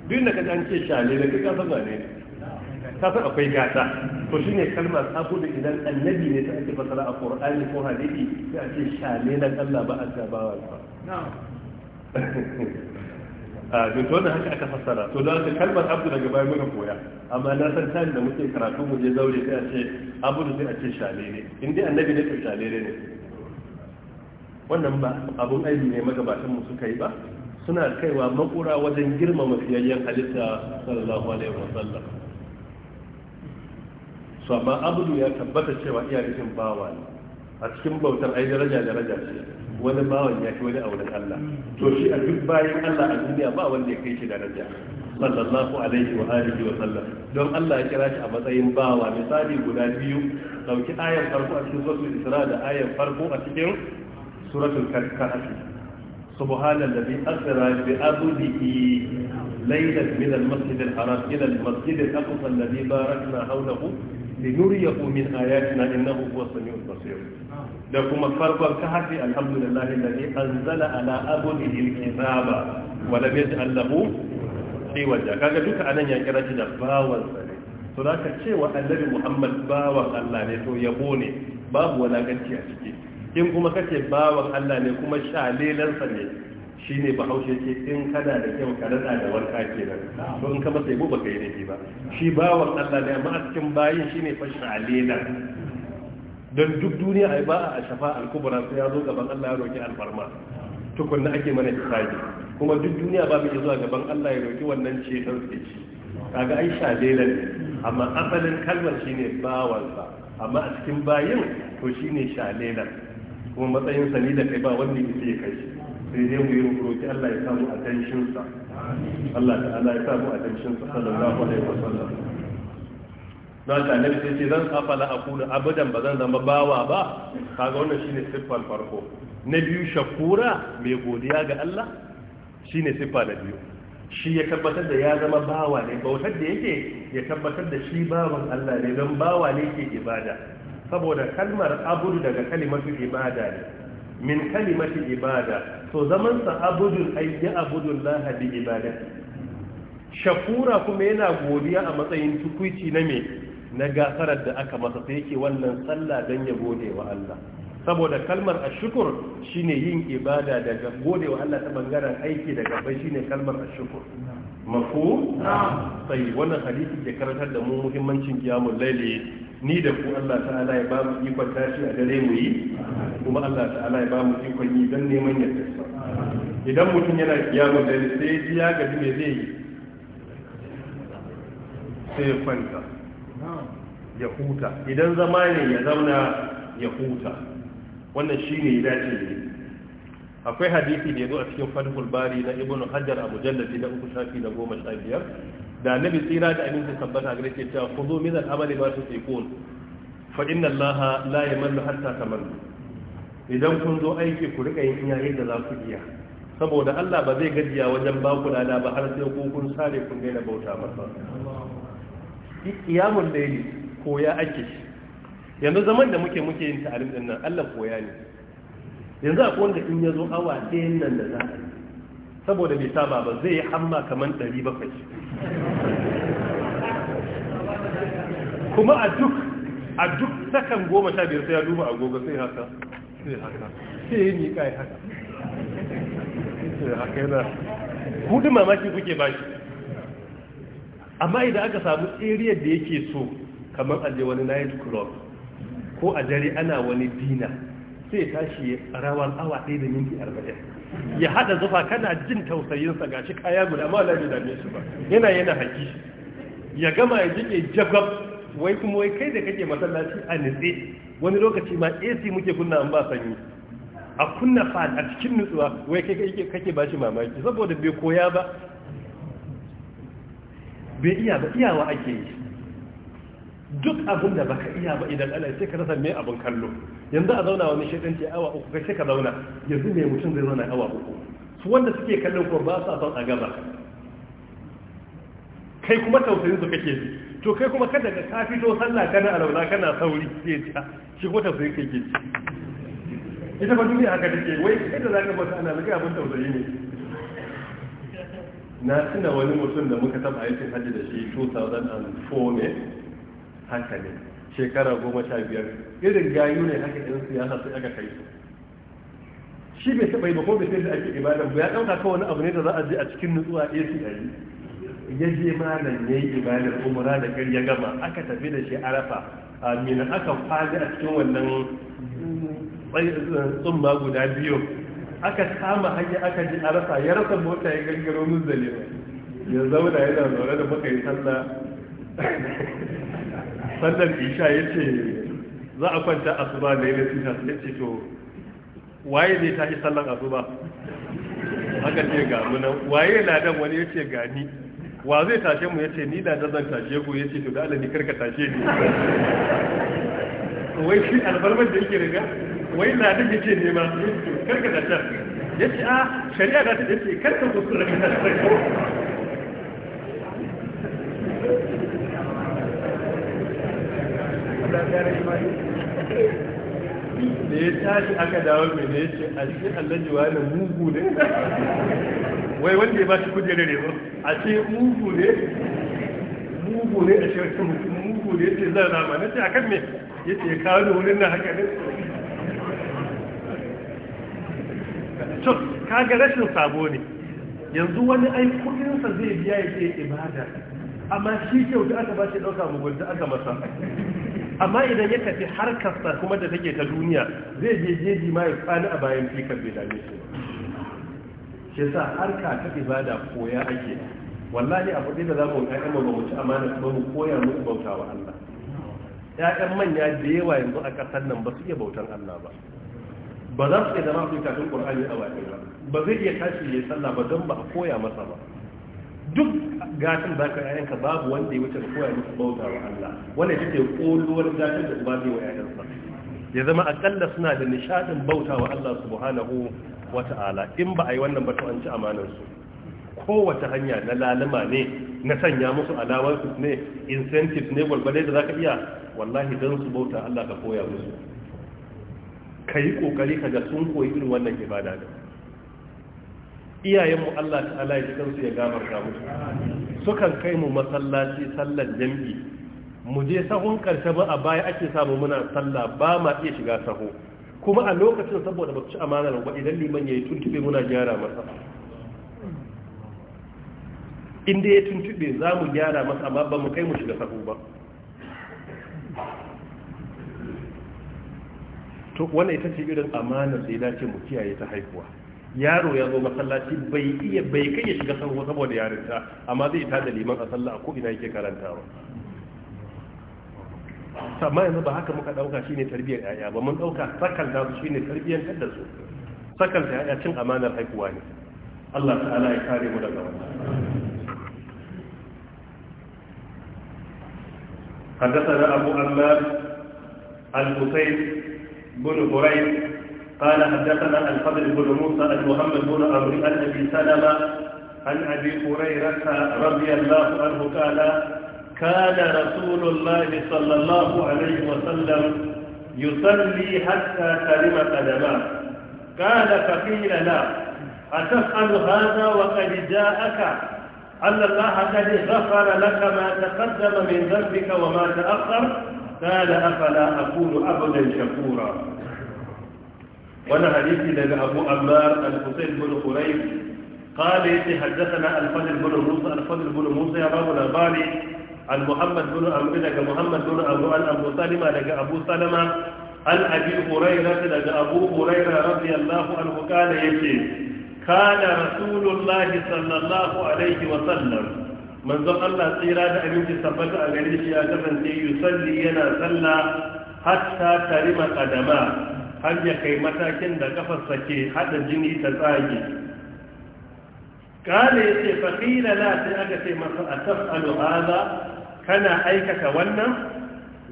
duk da kaji an ce ne, kai ka san wane ne ka san akwai gata to ne kalmar abu da idan annabi ne ta ake fasara a ƙorani ko hadisi sai a ce na Allah ba a gabawa ba a ah, to haka aka fassara to da aka kalmar abu daga bayan muka koya amma na san tani da muke karatu mu je zaure sai a ce da sai a ce shalene, in annabi ne to ne wannan ba abun aiki ne magabatan mu suka yi ba suna kaiwa makura wajen girmama fiyayyen halitta sallallahu alaihi sallam su amma abdu ya tabbata cewa iya bawa ne a cikin bautar ai daraja daraja ce wani bawan ya fi wani auren Allah to shi a duk bayan Allah a duniya ba wanda ya kai shi daraja sallallahu alaihi wa alihi wa sallam don Allah ya kira shi a matsayin bawa misali guda biyu dauki ayar farko a cikin suratul Isra da ayar farko a cikin suratul Kahf subhanallazi asra bi abdihi ليلا من المسجد الحرام إلى المسجد الأقصى الذي باركنا حوله لنريه من آياتنا إنه هو السميع البصير da kuma farkon kahafi alhamdulillah alladhi anzala ala abdihi alkitaba wa lam yaj'al lahu iwaja kaga duka anan ya kira shi da bawan sa ne da ka cewa annabi Muhammad bawan Allah ne to yabo ne babu walakanci a ciki in kuma kace bawan Allah ne kuma shalelan sa ne shine bahaushe ce in kada da kyau ka rada da warka kenan to in ka masa yabo baka yi laifi ba shi bawan Allah ne amma a cikin bayin shine fa shalelan don duk duniya ai ba a shafa al-kubra sai ya zo gaban Allah ya roki alfarma tukunna ake mana hisabi kuma duk duniya ba mu zuwa gaban Allah ya roki wannan ce dan sai kaga ai sha ne amma asalin kalmar shine bawan sa amma a cikin bayin to shine shalela kuma matsayin sa ni da kai ba wanda yake kai sai dai mu yi roki Allah ya samu attention sa Allah ta'ala ya samu attention sa sallallahu alaihi wasallam don haka annabi sai ce zan afala akuna abadan ba zan zama bawa ba kaga wannan shine siffar farko na biyu shakura mai godiya ga Allah shine siffa na biyu shi ya tabbatar da ya zama bawa ne bautar da yake ya tabbatar da shi bawan Allah ne don bawa ne ke ibada saboda kalmar abudu daga kalimatu ibada ne min kalimatu ibada to zaman sa abudun ayya abudun laha bi ibadati shakura kuma yana godiya a matsayin tukuici na me na gafarar da aka masa sai yake wannan sallah don ya gode wa Allah saboda kalmar ashukur shine yin ibada daga gode wa Allah ta bangaren aiki daga bai shine kalmar ashukur mafu sai wannan hadisi ke karantar da mu muhimmancin kiyamul laili ni da ku Allah ta'ala ya ba mu ikon tashi a dare mu yi kuma Allah ta'ala ya ba mu ikon yi dan neman yadda idan mutum yana kiyamul laili sai ya gaji me zai yi sai ya kwanta ya huta idan zama ne ya zauna ya huta wannan shi ne ya dace ne akwai hadisi da ya zo a cikin fadhul bari na Ibn hajar a mujallafi na uku shafi na goma sha biyar da nabi tsira da aminci tabbata gare ke cewa ku zo min al ba su tusiqun fa inna allaha la yamallu hatta tamallu idan kun zo aiki ku rika yin iya da za ku iya saboda Allah ba zai gajiya wajen ba ku dada ba har sai ku kun sare kun daina bauta masa kiyamun laili koya ake shi yanzu zaman da muke muke yin ta'alim din nan Allah koya ne yanzu akwai wanda in ya zo awa ɗayan nan da za a yi saboda bai saba ba zai yi hamma kamar ɗari bakwai kuma a duk a duk sakan goma sha biyar sai ya duba agogo sai haka sai haka sai yi miƙa ya haka sai haka yana hudu mamaki kuke ba shi amma idan aka samu area da yake so kamar aje wani night club ko a dare ana wani dina sai tashi rawar awa ɗaya da minti arba'in ya haɗa zufa kana jin tausayinsa ga shi kaya guda ma wani bai dame shi ba yana yana haƙi ya gama ya jike jagab wai kuma wai kai da kake masallaci a nitse wani lokaci ma AC muke kunna an ba sanyi a kunna fan a cikin nutsuwa wai kai kake bashi mamaki saboda bai koya ba bai iya ba iyawa ake yi duk abin da baka iya ba idan ana sai ka rasa mai abin kallo yanzu a zauna wani shaidan ce awa uku kai sai ka zauna yanzu mai mutum zai zauna awa uku su wanda suke kallon ko ba su a son a gaba kai kuma tausayin su kake ji to kai kuma kada ka fito sallah kana alauna kana sauri sai ta shi kuma tausayin kai ke ji ita ba duniya haka take wai kai da zaka bata ana zaka abin tausayi ne na tuna wani mutum da muka taba aikin hajji da shi 2004 ne haka ne shekara goma sha biyar irin gayu ne haka yan siyasa sai aka kai su shi bai taɓa yi ba ko bai sai da ake ibada ba ya ɗauka ka wani abu ne da za a je a cikin nutsuwa a su yi ya je malam ya yi ibadar umara da gari ya gama aka tafi da shi arafa a mina aka kwaje a cikin wannan tsumba guda biyu aka kama hanya aka ji a rasa ya rasa mota ya gangaro mun zane ya zauna yana zaune da muka yi sallah sallar isha ya ce za a kwanta a asuba da yana sita ya ce to waye zai tashi a asuba Haka ce ga munan waye na dan wani ya ce ga ni wa zai tashe mu ya ce ni da zan tashe ku ya ce to da alani karka tashe ni wai shi albarman da yake riga da yake nema karka da can ya ce a ah, shari'a da ta karka ka da ya tashi aka dawo ce a wani mugu ne wai wanda ya ba shi kujerar ba a ce mugu ne mugu ne a shi mutum lungu ne yace zan rama na ce akan me yace ya kawo da wurin na haka ne to kaga rashin sabo ne yanzu wani ai kudin sa zai biya ya yake ibada amma shi da aka ba shi dauka mugunta aka masa amma idan ya tafi harkarsa kuma da take ta duniya zai je jeji ma ya tsani a bayan fikar bai dame shi shi sa harka ta ibada koya ake wallahi abu da za mu ƴaƴan mu ba mu ci amana kuma mu koya musu bauta wa Allah ƴaƴan manya da yawa yanzu a ƙasar nan ba su iya bautan Allah ba ba za su iya zama su yi ƙur'ani a waƙe ba ba zai iya tashi ya sallah ba don ba a koya masa ba duk gatin ba ka ƴaƴanka babu wanda ya wuce koya musu bauta wa Allah wanda ya ke ƙoluwar da ba zai wa ƴaƴansa ya zama akalla suna da nishaɗin bauta wa Allah subhanahu wa ta'ala in ba a yi wannan ba to an ci amanarsu kowace hanya na lalima ne na sanya musu allowances ne incentive ne gwalgwale da za ka iya wallahi don su bauta Allah ka koya musu ka yi ƙoƙari ka ga sun koyi irin wannan ibada da iyayenmu Allah ala ya kansu ya gafarta musu sukan kai mu masallaci sallar jam'i mu je sahun karshe ba a baya ake samu muna sallah ba ma iya shiga saho kuma a lokacin saboda ba ci amanar ba idan liman ya yi tuntube muna gyara masa Inda ya tuntube za mu gyara masa amma ba mu kai mu shiga sahu ba to wannan ita ce irin amanar da ya dace mu kiyaye ta haihuwa yaro ya zo masallaci bai iya bai kai ya shiga sahu saboda yarinta amma zai ta da liman a sallah ko ina yake karantawa amma yanzu ba haka muka dauka shine tarbiyyar yaya ba mun dauka sakal da su shine tarbiyyar da su sakal da yaya cin amanar haihuwa ne Allah ta'ala ya kare mu daga wannan حدثنا أبو أمام الحسين بن بريد قال حدثنا الفضل بن موسى عن محمد بن عمرو أبي سلمة عن أبي هريرة رضي الله عنه قال كان رسول الله صلى الله عليه وسلم يصلي حتى سلم قدماه قال فقيل لا أتفعل هذا وقد جاءك أن الله قد غفر لك ما تقدم من ذنبك وما تأخر قال أفلا أكون أبدا شكورا وانا حديثي لنا أبو أمار الحسين بن خريف قال حدثنا الفضل بن موسى الفضل بن موسى يرامنا بالي عن محمد بن عمرو لك محمد بن عمرو عن أبو سلمة لك أبو سلمة عن أبي هريرة لك أبو هريرة رضي الله عنه قال يشير kana rasulullahi sallallahu alaihi wa sallam manzon Allah tsira da abinci sabbata a gare shi ya kasance yusalli yana sallah hatta tarima qadama har ya kai matakin da kafarsa ke hada jini ta tsage kale yace faqila la sai aka ce masa atafalu hadha kana aikaka wannan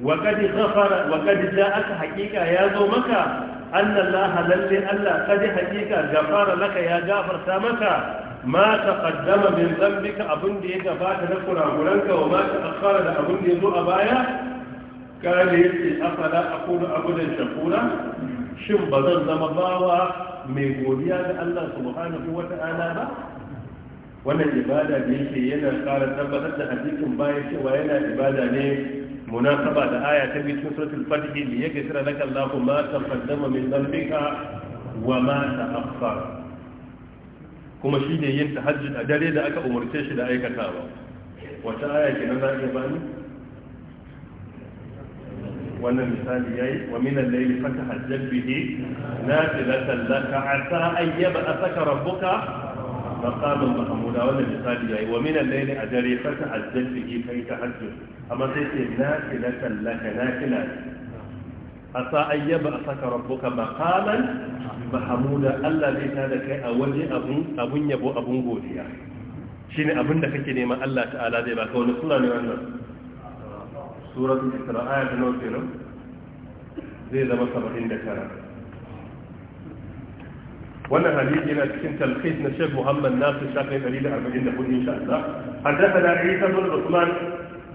wa qad ghafara wa ya zo maka annan laha lalle Allah kaji hakika gafara laka ya gafarta maka ma ta kaddama min zambika abin da ya gabata na kurakuranka wa ma ta akhara da abin da ya zo a baya kare yace afala aqulu abudan shakura shin ba zan zama bawa mai godiya ga Allah subhanahu wata'ala ba wannan ibada da yake yana ƙara tabbatar da hadisin bayan cewa yana ibada ne munasaba da aya ta biyu cikin suratul fath li yaghfira laka Allahu ma taqaddama min dhanbika wa ma ta'akhkhara kuma shi ne yin tahajjud a dare da aka umarce shi da aikatawa wata aya ke za iya bani wannan misali yayi wa min al-layli fatahajjab bihi nafilatan laka asa ayyaba asaka rabbuka maqamin mahmuda wanda misali yayi wa min al-layli ajri fa tahajjal bihi kai tahajjud amma sai ce nafilatan laka nafila asa ayyaba asaka rabbuka maqaman mahmuda Allah zai tada kai a waje abun abun yabo abun godiya shine abin da kake nema Allah ta'ala zai baka wani sura ne wannan suratul isra ayat nawa kenan zai zama 79 wannan hadisi yana cikin talqis na Sheikh Muhammad Nasir shafin 144 insha Allah haddathana Isa bin Uthman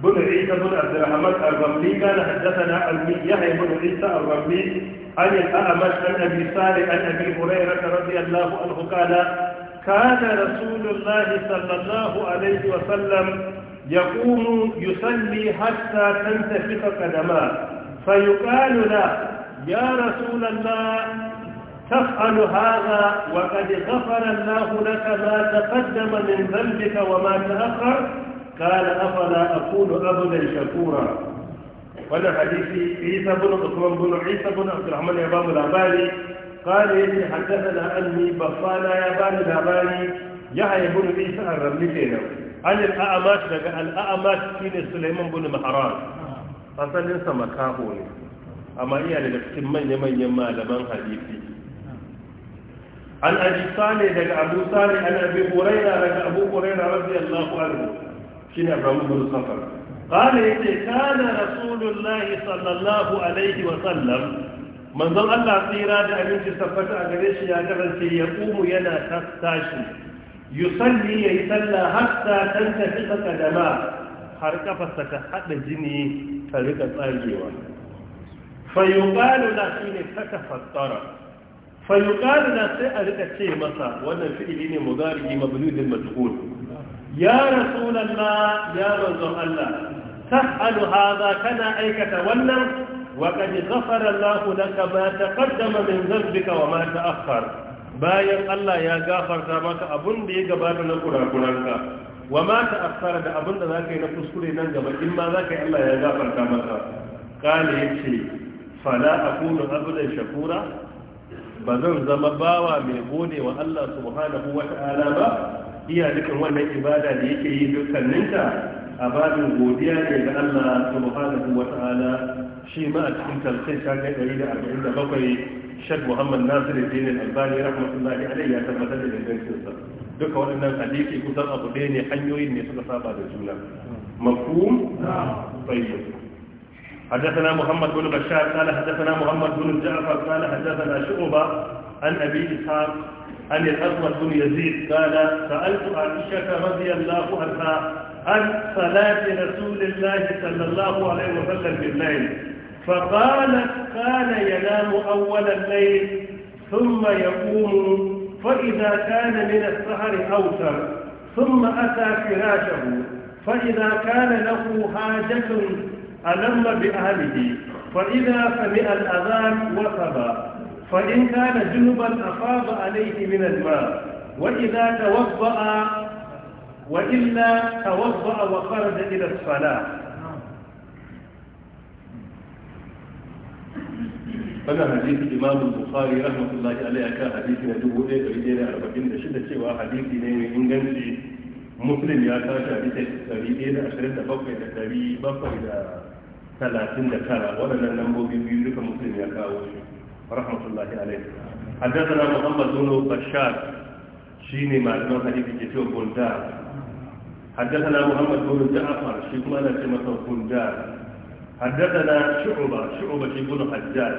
بن عيسى بن عبد الرحمن الرملي قال حدثنا يحيى بن عيسى الرملي عن الأعمش عن أبي صالح عن أبي هريرة رضي الله عنه قال كان رسول الله صلى الله عليه وسلم يقوم يصلي حتى تنتفخ قدماه فيقال له يا رسول الله تفعل هذا وقد غفر الله لك ما تقدم من ذنبك وما تأخر قال أفلا أكون أبدا شكورا وانا حديثي عيسى بن عثمان بن عيسى بن عبد الرحمن باب العبالي قال يجي حدثنا أني بفانا باب العبالي يحيى بن عيسى الرملي عن الأعمات الأعمات كين سليمان بن مهران asalinsa makaho ne أما iya daga يمين ما manyan حديثي عن أبي صالح عن أبو صالح عن أبي هريرة عن أبو هريرة رضي الله عنه شنو أبو هريرة قال إن إيه؟ كان رسول الله صلى الله عليه وسلم من ظل الله في رادة أن ينجي سفتا أغريش يا جبل في ينا تستاشي يصلي يصلى حتى تنتفق قدما حركة فستك حد جني فلقى طالجيوان فيقال لحين فتفت طرف fayyukari na sai a rika ce masa wannan fi'ili ne mugari mabnudin majhul ya rasulullah ya manzon Allah tasalu hadha kana aikata wannan wa qad ghafara Allah laka ma taqaddama min wa mata ta'akhkhar bayan Allah ya gafarta maka abin da ya gabata na kurakuranka wa mata ta'akhkhara da abin da ka yi na kuskure nan gaba in ma zaka yi Allah ya gafarta maka kale yace fala abu abdan shakura ba zan zama bawa mai gode wa Allah subhanahu wa ta'ala ba iya dukan wannan ibada da yake yi dukkaninta a babin godiya ne ga Allah subhanahu wa ta'ala shi ma a cikin tafsir da bakwai Sheikh Muhammad nasiru dini Al-Albani rahmatullahi alayhi ya tabbatar da ingancin sa duka waɗannan hadisi kusan abu ɗaya ne hanyoyin ne suka saba da juna mafhum tayyib حدثنا محمد بن بشار قال حدثنا محمد بن جعفر قال حدثنا شعبة عن أبي إسحاق عن الأسود بن يزيد قال سألت عائشة رضي الله عنها عن صلاة رسول الله صلى الله عليه وسلم في الليل فقالت كان ينام أول الليل ثم يقوم فإذا كان من السحر أوتر ثم أتى فراشه فإذا كان له حاجة ألم بأهله فإذا سمع الأذان وثب فإن كان جنبا أفاض عليه من الماء وإذا توضأ وإلا توضأ وخرج إلى الصلاة wannan hadisi imam bukhari rahmatullahi alaihi kan hadisi na dubu ɗaya ɗari ɗaya arba'in da shida cewa hadisi ne mai inganci muslim ya kashi hadisi ɗari ɗaya da ashirin da bakwai da ɗari bakwai da talatin da tara waɗannan lambobi biyu duka musulun ya kawo shi rahmatullahi alaihi حدثنا محمد بن بشار شيني معلومات حديث كتير بندار حدثنا محمد بن جعفر شيخنا كما بندار حدثنا شعبة شعبة بن حجاج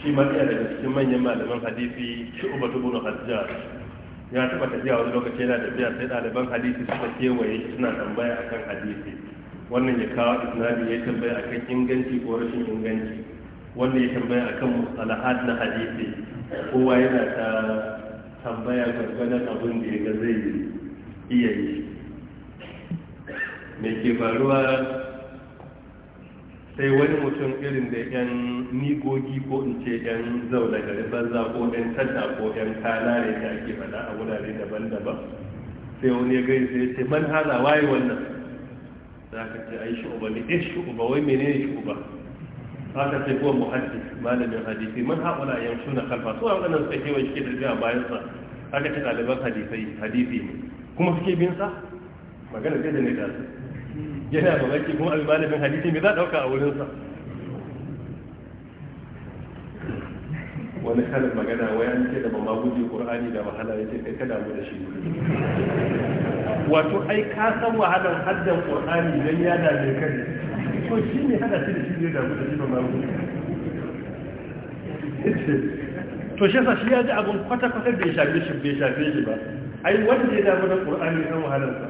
shi matsaya daga cikin manyan malaman hadisi shi ya taba tafiya wani lokaci yana tafiya sai ɗaliban hadisi suka kewaye suna tambaya akan hadisi wannan ya kawo isnadi ya tambaya akan inganci ko rashin inganci wannan ya tambaya akan mustalahat na hadisi kowa yana ta tambaya gargadar abin da ya zai iya yi mai ke faruwa sai wani mutum irin da yan nigogi ko in ce yan zaune gari banza ko yan tadda ko yan kala ne ta ake faɗa a wurare daban-daban sai wani ya gaisa ya ce man hana waye wannan za ka ce ai shu'uba ne eh shu'uba wai menene shu'uba haka ce kuwa muhaddis malamin hadisi man haƙula yan suna kalfa su a waɗannan suka kewa shi da a bayansa aka ce ɗaliban hadisai hadisi ne kuma suke bin sa magana sai da ne da su yana mamaki kuma abin malamin hadisi me za ɗauka a wurin sa. wani kalin magana wai an ce da mamaguji ƙur'ani da wahala ya ce kai ka damu da shi wato ai ka san wahalar haddan qur'ani dan ya da ne kai to shi ne hada shi da shi ne da mu da shi ba to shi yasa shi ya ji abun kwata kwata da shi shi bai shafe shi ba ai wanda ya da mana qur'ani san wahalar sa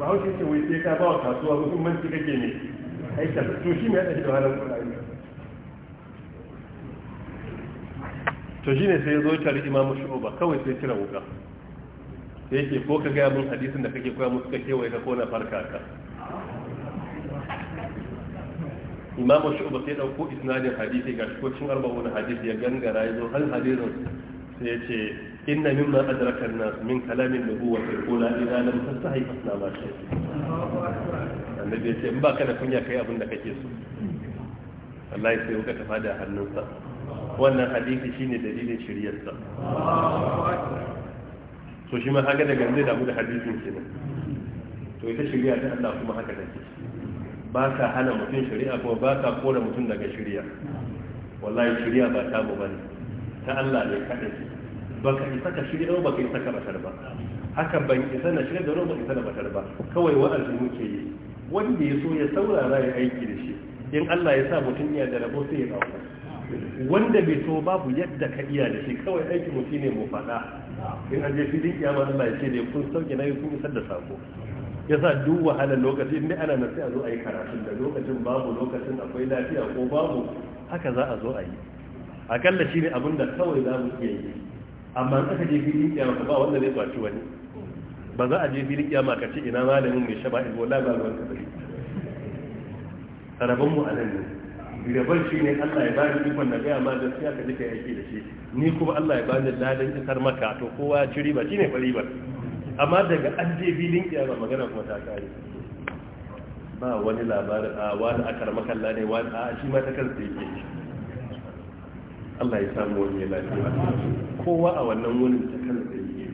ba hausa ce wai sai ka ba wa kasuwa shi kake ne ai ta to shi ne hada shi da wahalar qur'ani to shine sai ya zo tare imamu shu'uba kawai sai kira wuka sai ko ka gaya mun hadisin da kake koya musu ka kewaye ka kona farka ka imam shu'ba sai ɗauko isnadin hadisi ga shi ko cin arba'un hadisi ya gangara ya zo hal hadisin sai ya ce inna mimma adraka an-nas min kalamin nubuwa fi qula idza lam tastahi fasna shi annabi ya ce in baka da kunya kai abin da kake so wallahi sai ka tafa da hannunsa wannan hadisi shine dalilin shiryarsa to shi ma haka daga zai damu da hadisin kenan to ita shari'a ta Allah kuma haka take ba ka hana mutum shari'a kuma ba ka kora mutum daga shari'a wallahi shari'a ba ta mu bane ta Allah ne kada shi baka isa ka shirya ba ka isa ka batar ba haka ban isa na shirya da ba isa na batar ba kawai wa'azi muke yi wanda ya so ya saurara ya aiki da shi in Allah ya sa mutum ya da rabo sai ya dauka wanda mai so babu yadda ka iya da shi kawai aiki mu shine mu fada. in an je filin kiyama Allah ya ce ne kun sauke na kun isar da sako yasa duk wahalar lokaci inda ana nan sai a zo a yi karatun da lokacin babu lokacin akwai lafiya ko babu haka za a zo a yi akalla shi ne abinda kawai za mu iya yi amma in aka je filin kiyama ba wanda zai kwaci wani ba za a je filin kiyama ka ce ina malamin mai shaba ibo la ba ruwan kabari rabon mu a nan ne gaban shi ne Allah ya bani ikon da gaya ma gaskiya ka nake aiki da shi ni kuma Allah ya bani ladan isar maka to kowa ci riba shine fa ba amma daga an je filin kiyama magana kuma ta kare ba wani labarin a wani akar makalla ne wani a shi ma ta kansa yake Allah ya samu wani lafiya kowa a wannan wurin ta kansa yake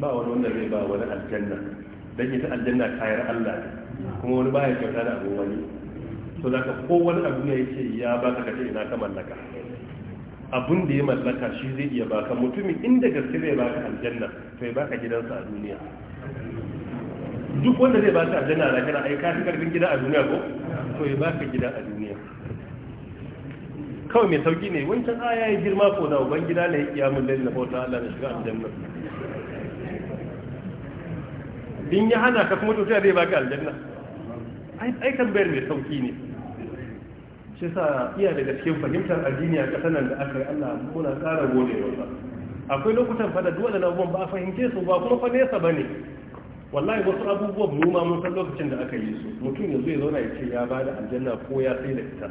ba wani wanda zai ba wani aljanna dan ita aljanna kayar Allah kuma wani baya kyauta da abubuwa to za ka kowar abu ya ce ya ba ka ce ina ka mallaka abun da ya mallaka shi zai iya baka mutumin inda gaske zai baka aljanna to ya baka gidansa a duniya duk wanda zai baka aljanna a lakana ai ka fi karfin gida a duniya ko to ya baka gida a duniya kawai mai sauki ne wancan aya ah, ya girma ko na uban gida ne ya mun lalina bauta Allah na shiga aljanna din ya hana ka kuma to sai zai baka aljanna ai ai tambayar mai sauki ne shi sa iya daga cikin fahimtar addini a ƙasar nan da aka yi Allah muna ƙara gode wa akwai lokutan fa da duk waɗannan ba a fahimce su ba kuma fa nesa ba ne wallahi wasu abubuwan mu ma mun san lokacin da aka yi su mutum yanzu ya zauna ya ce ya ba da aljanna ko ya sai da ita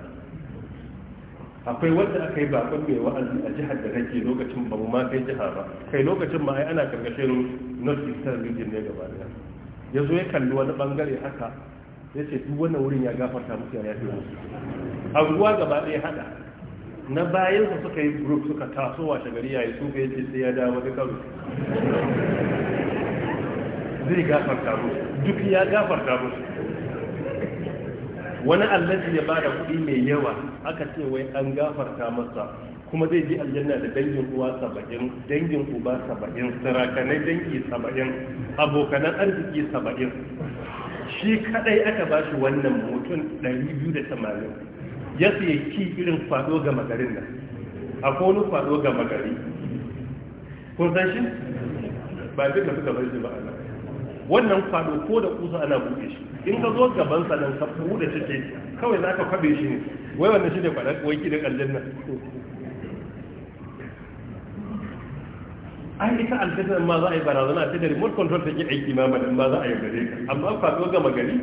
akwai wanda aka yi bakon mai wa'azi a jihar da nake lokacin ba mu ma kai jiha ba kai lokacin ma ai ana karkashin north eastern region ne gaba daya ya ya kalli wani bangare haka ya ce duk wannan wurin ya gafarta musu ya yafe musu anguwa gaba ɗaya hada na bayan su suka yi group suka taso wa shagari ya yi suka yace sai ya dawo da karo zai gafarta musu duk ya gafarta musu wani allaji ya bada kuɗi mai yawa aka ce wai an gafarta masa kuma zai ji aljanna da dangin uwa saba'in dangin uba saba'in sarakanai dangi saba'in abokanan arziki saba'in shi kadai aka ba shi wannan mutum 280 ya siya ki irin fado ga magarin nan a wani fado ga magari kun san shi ba ka suka bar shi ba nan wannan fado ko da kusa ana buɗe shi in ka zo gaban sa nan ka buɗe shi kawai za ka kwabe shi ne wai wannan shi ne kwaɗa wai ki da kallon nan an ita alkatar ma za a yi barazana ta da remote control ta ke aiki ma madan ma za a gare ka amma faɗo gama gari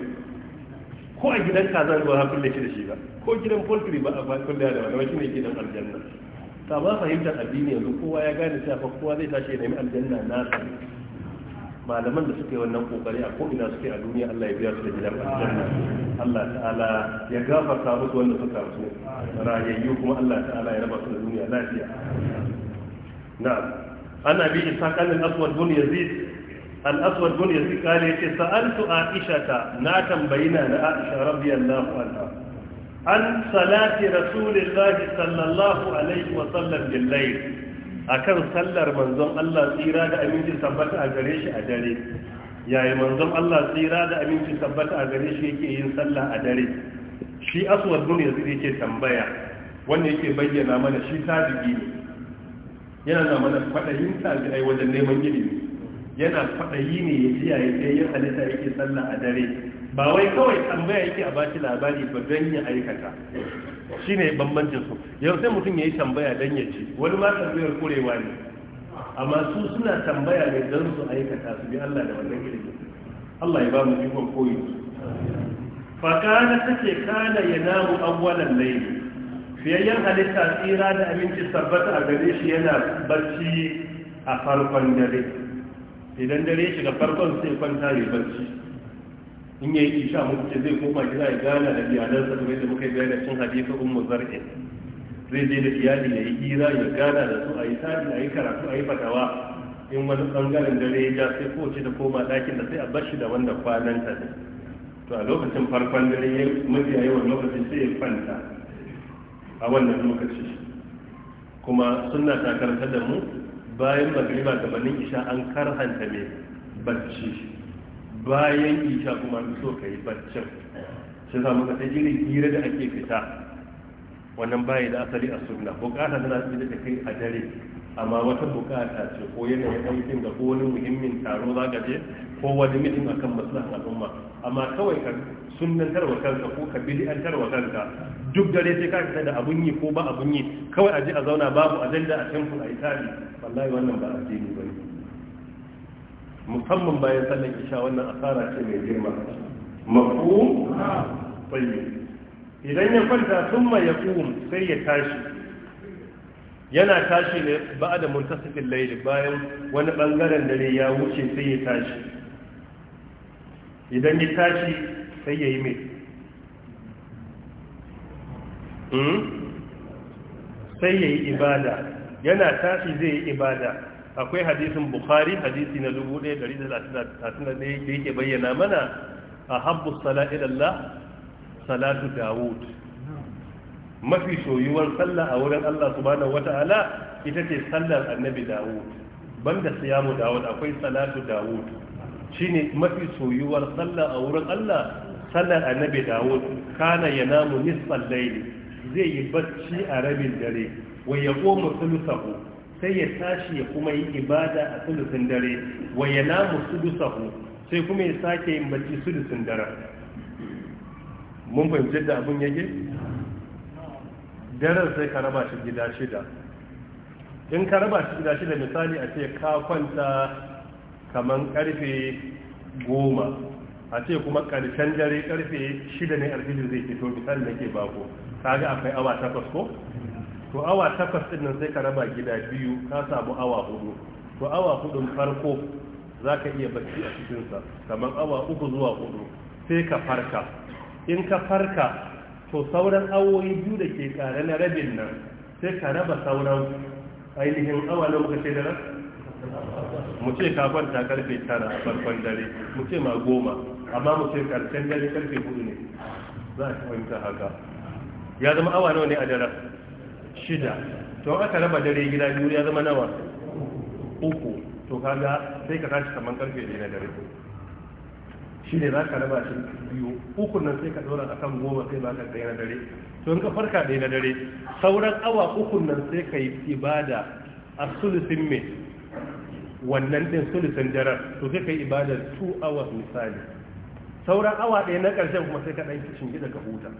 ko a gidan kaza ba a kulle shi da shi ba ko gidan poultry ba a kulle da wani wani ne gidan aljanna ta ba fahimtar addini yanzu kowa ya gane cewa kowa zai tashi ya nemi aljanna na sa malaman da suka yi wannan kokari a ko'ina suke a duniya Allah ya biya su da gidan aljanna Allah ta'ala ya gafarta musu wanda suka rasu rayayyu kuma Allah ta'ala ya raba su da duniya lafiya na'am ana bi isa kalin aswad bin yazid al-aswad bin yazid kale yace sa'altu aisha ta na tambayi na na aisha radiyallahu anha an salati rasulillahi sallallahu alaihi wa sallam bil layl akan sallar manzon Allah tsira da aminci tabbata a gare shi a dare yayi manzon Allah tsira da aminci tabbata a gare shi yake yin sallah a dare shi aswad bin yazid yake tambaya wanda yake bayyana mana shi tabi'i ne yana da mana kwaɗayin tabi'ai wajen neman ilimi yana kwaɗayi ne ya ji yayin da yin halitta yake sallah a dare ba wai kawai tambaya yake a bashi labari ba don ya aikata shi ne bambancin su yau sai mutum ya yi tambaya don ya ci wani ma tambayar kurewa ne amma su suna tambaya mai don su aikata su bi Allah da wannan ilimi Allah ya ba mu ikon koyi fakana take kana ya awwalan layli fiyayyen halitta tsira da aminci tabbata a gare shi yana barci a farkon dare idan dare shiga farkon sai kwanta ya barci in yayi kisha, muku ce zai koma gida ya gana da iyalansa kamar da muka yi bayani cin hadisi Umar zarqin zai je da iyali ya yi hira ya gana da su a yi tari a yi karatu a yi fatawa in wani bangaren dare ya ja sai kowace da koma ɗakin da sai a bashi da wanda kwanan ta ne to a lokacin farkon dare ya mafi yawan lokacin sai ya kwanta a wannan lokaci kuma suna takarta da mu bayan da gabanin isha an karhanta mai bacci bayan isha kuma an so ka yi baccin sai samu ka sai irin hira da ake fita wannan bayan da asali a sunna bukata tana fi da kai a dare amma wata bukata ce ko yanayin aikin da ko wani muhimmin taro za ka je ko wani mitin akan maslahan al'umma amma kawai ka sunnantar tarwa kanka ko ka an tarwa kanka duk dare sai ka fita da abun yi ko ba abun yi kawai a je a zauna babu ajanda a temple a itali wallahi wannan ba addini bane musamman bayan sallar isha wannan asara ce mai girma mafhum tayyib idan ya kwanta thumma ya sai ya tashi yana tashi ne ba da muntasifin laili bayan wani bangaren dare ya wuce sai ya tashi idan ya tashi sai ya yi mai hmm? sai ya yi ibada yana tashi zai yi ibada akwai hadisin bukhari hadisi na 1131 da yake bayyana mana a habbus sala'idallah salatu dawud mafi soyuwar sallah a wurin Allah subhanahu wata'ala ita ce sallar annabi Dawud banda siyamu Dawud akwai salatu Dawud shine mafi soyuwar sallah a wurin Allah sallar annabi Dawud kana yanamu nisfal layli zai yi bacci a rabin dare wa ya koma sulusahu sai ya tashi ya kuma yi ibada a sulusin dare wa yanamu sulusahu sai kuma ya sake yin bacci sulusin dare mun fahimci da abun yake daren sai ka raba shi gida shida in ka raba shi gida shida misali a ce ka kwanta kamar karfe goma a ce kuma karshen dare karfe shida ne alfijir zai fito misali da ke bako ga akwai awa takwas ko to awa takwas din nan sai ka raba gida biyu ka samu awa hudu to awa hudun farko za ka iya bacci a cikinsa kamar awa uku zuwa hudu sai ka farka in ka farka to sauran awoyi biyu da ke kare na rabin nan sai ka raba sauran ainihin awa na muka ce da nan mu ce ka kwanta karfe tara a farkon dare mu ce ma goma amma mu ce karshen dare karfe hudu ne za a fahimta haka ya zama awa nawa ne a dara shida to aka raba dare gida biyu ya zama nawa uku to kaga sai ka tashi kamar karfe ne na dare shi ne za ka raba shi biyu uku nan sai ka ɗora a kan goma sai ba ka ɗaya na dare to in ka farka ɗaya na dare sauran awa uku nan sai ka yi ibada a sulisin mai wannan ɗin sulisin jarar, to sai ka yi ibada 2 hours misali sauran awa ɗaya na ƙarshen kuma sai ka ɗan kishin gida ka huta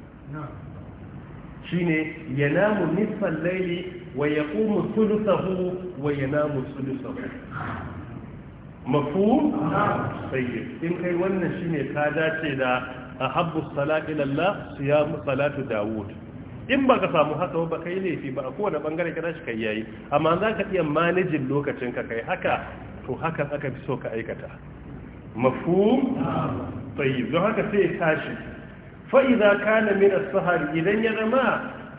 ne ya namu nisfan laili wa ya ƙumu sulisahu wa ya namu sulisahu mafu sayyid in kai wannan shine ka dace da ahabbu salati su siyamu salatu daud in ba ka samu haka ba kai laifi ba a kowane bangare ka dashi kai yayi amma za ka iya manajin lokacin ka kai haka to haka aka fi so ka aikata mafhum tayyib don haka sai ya tashi fa idza kana min as-sahar idan ya zama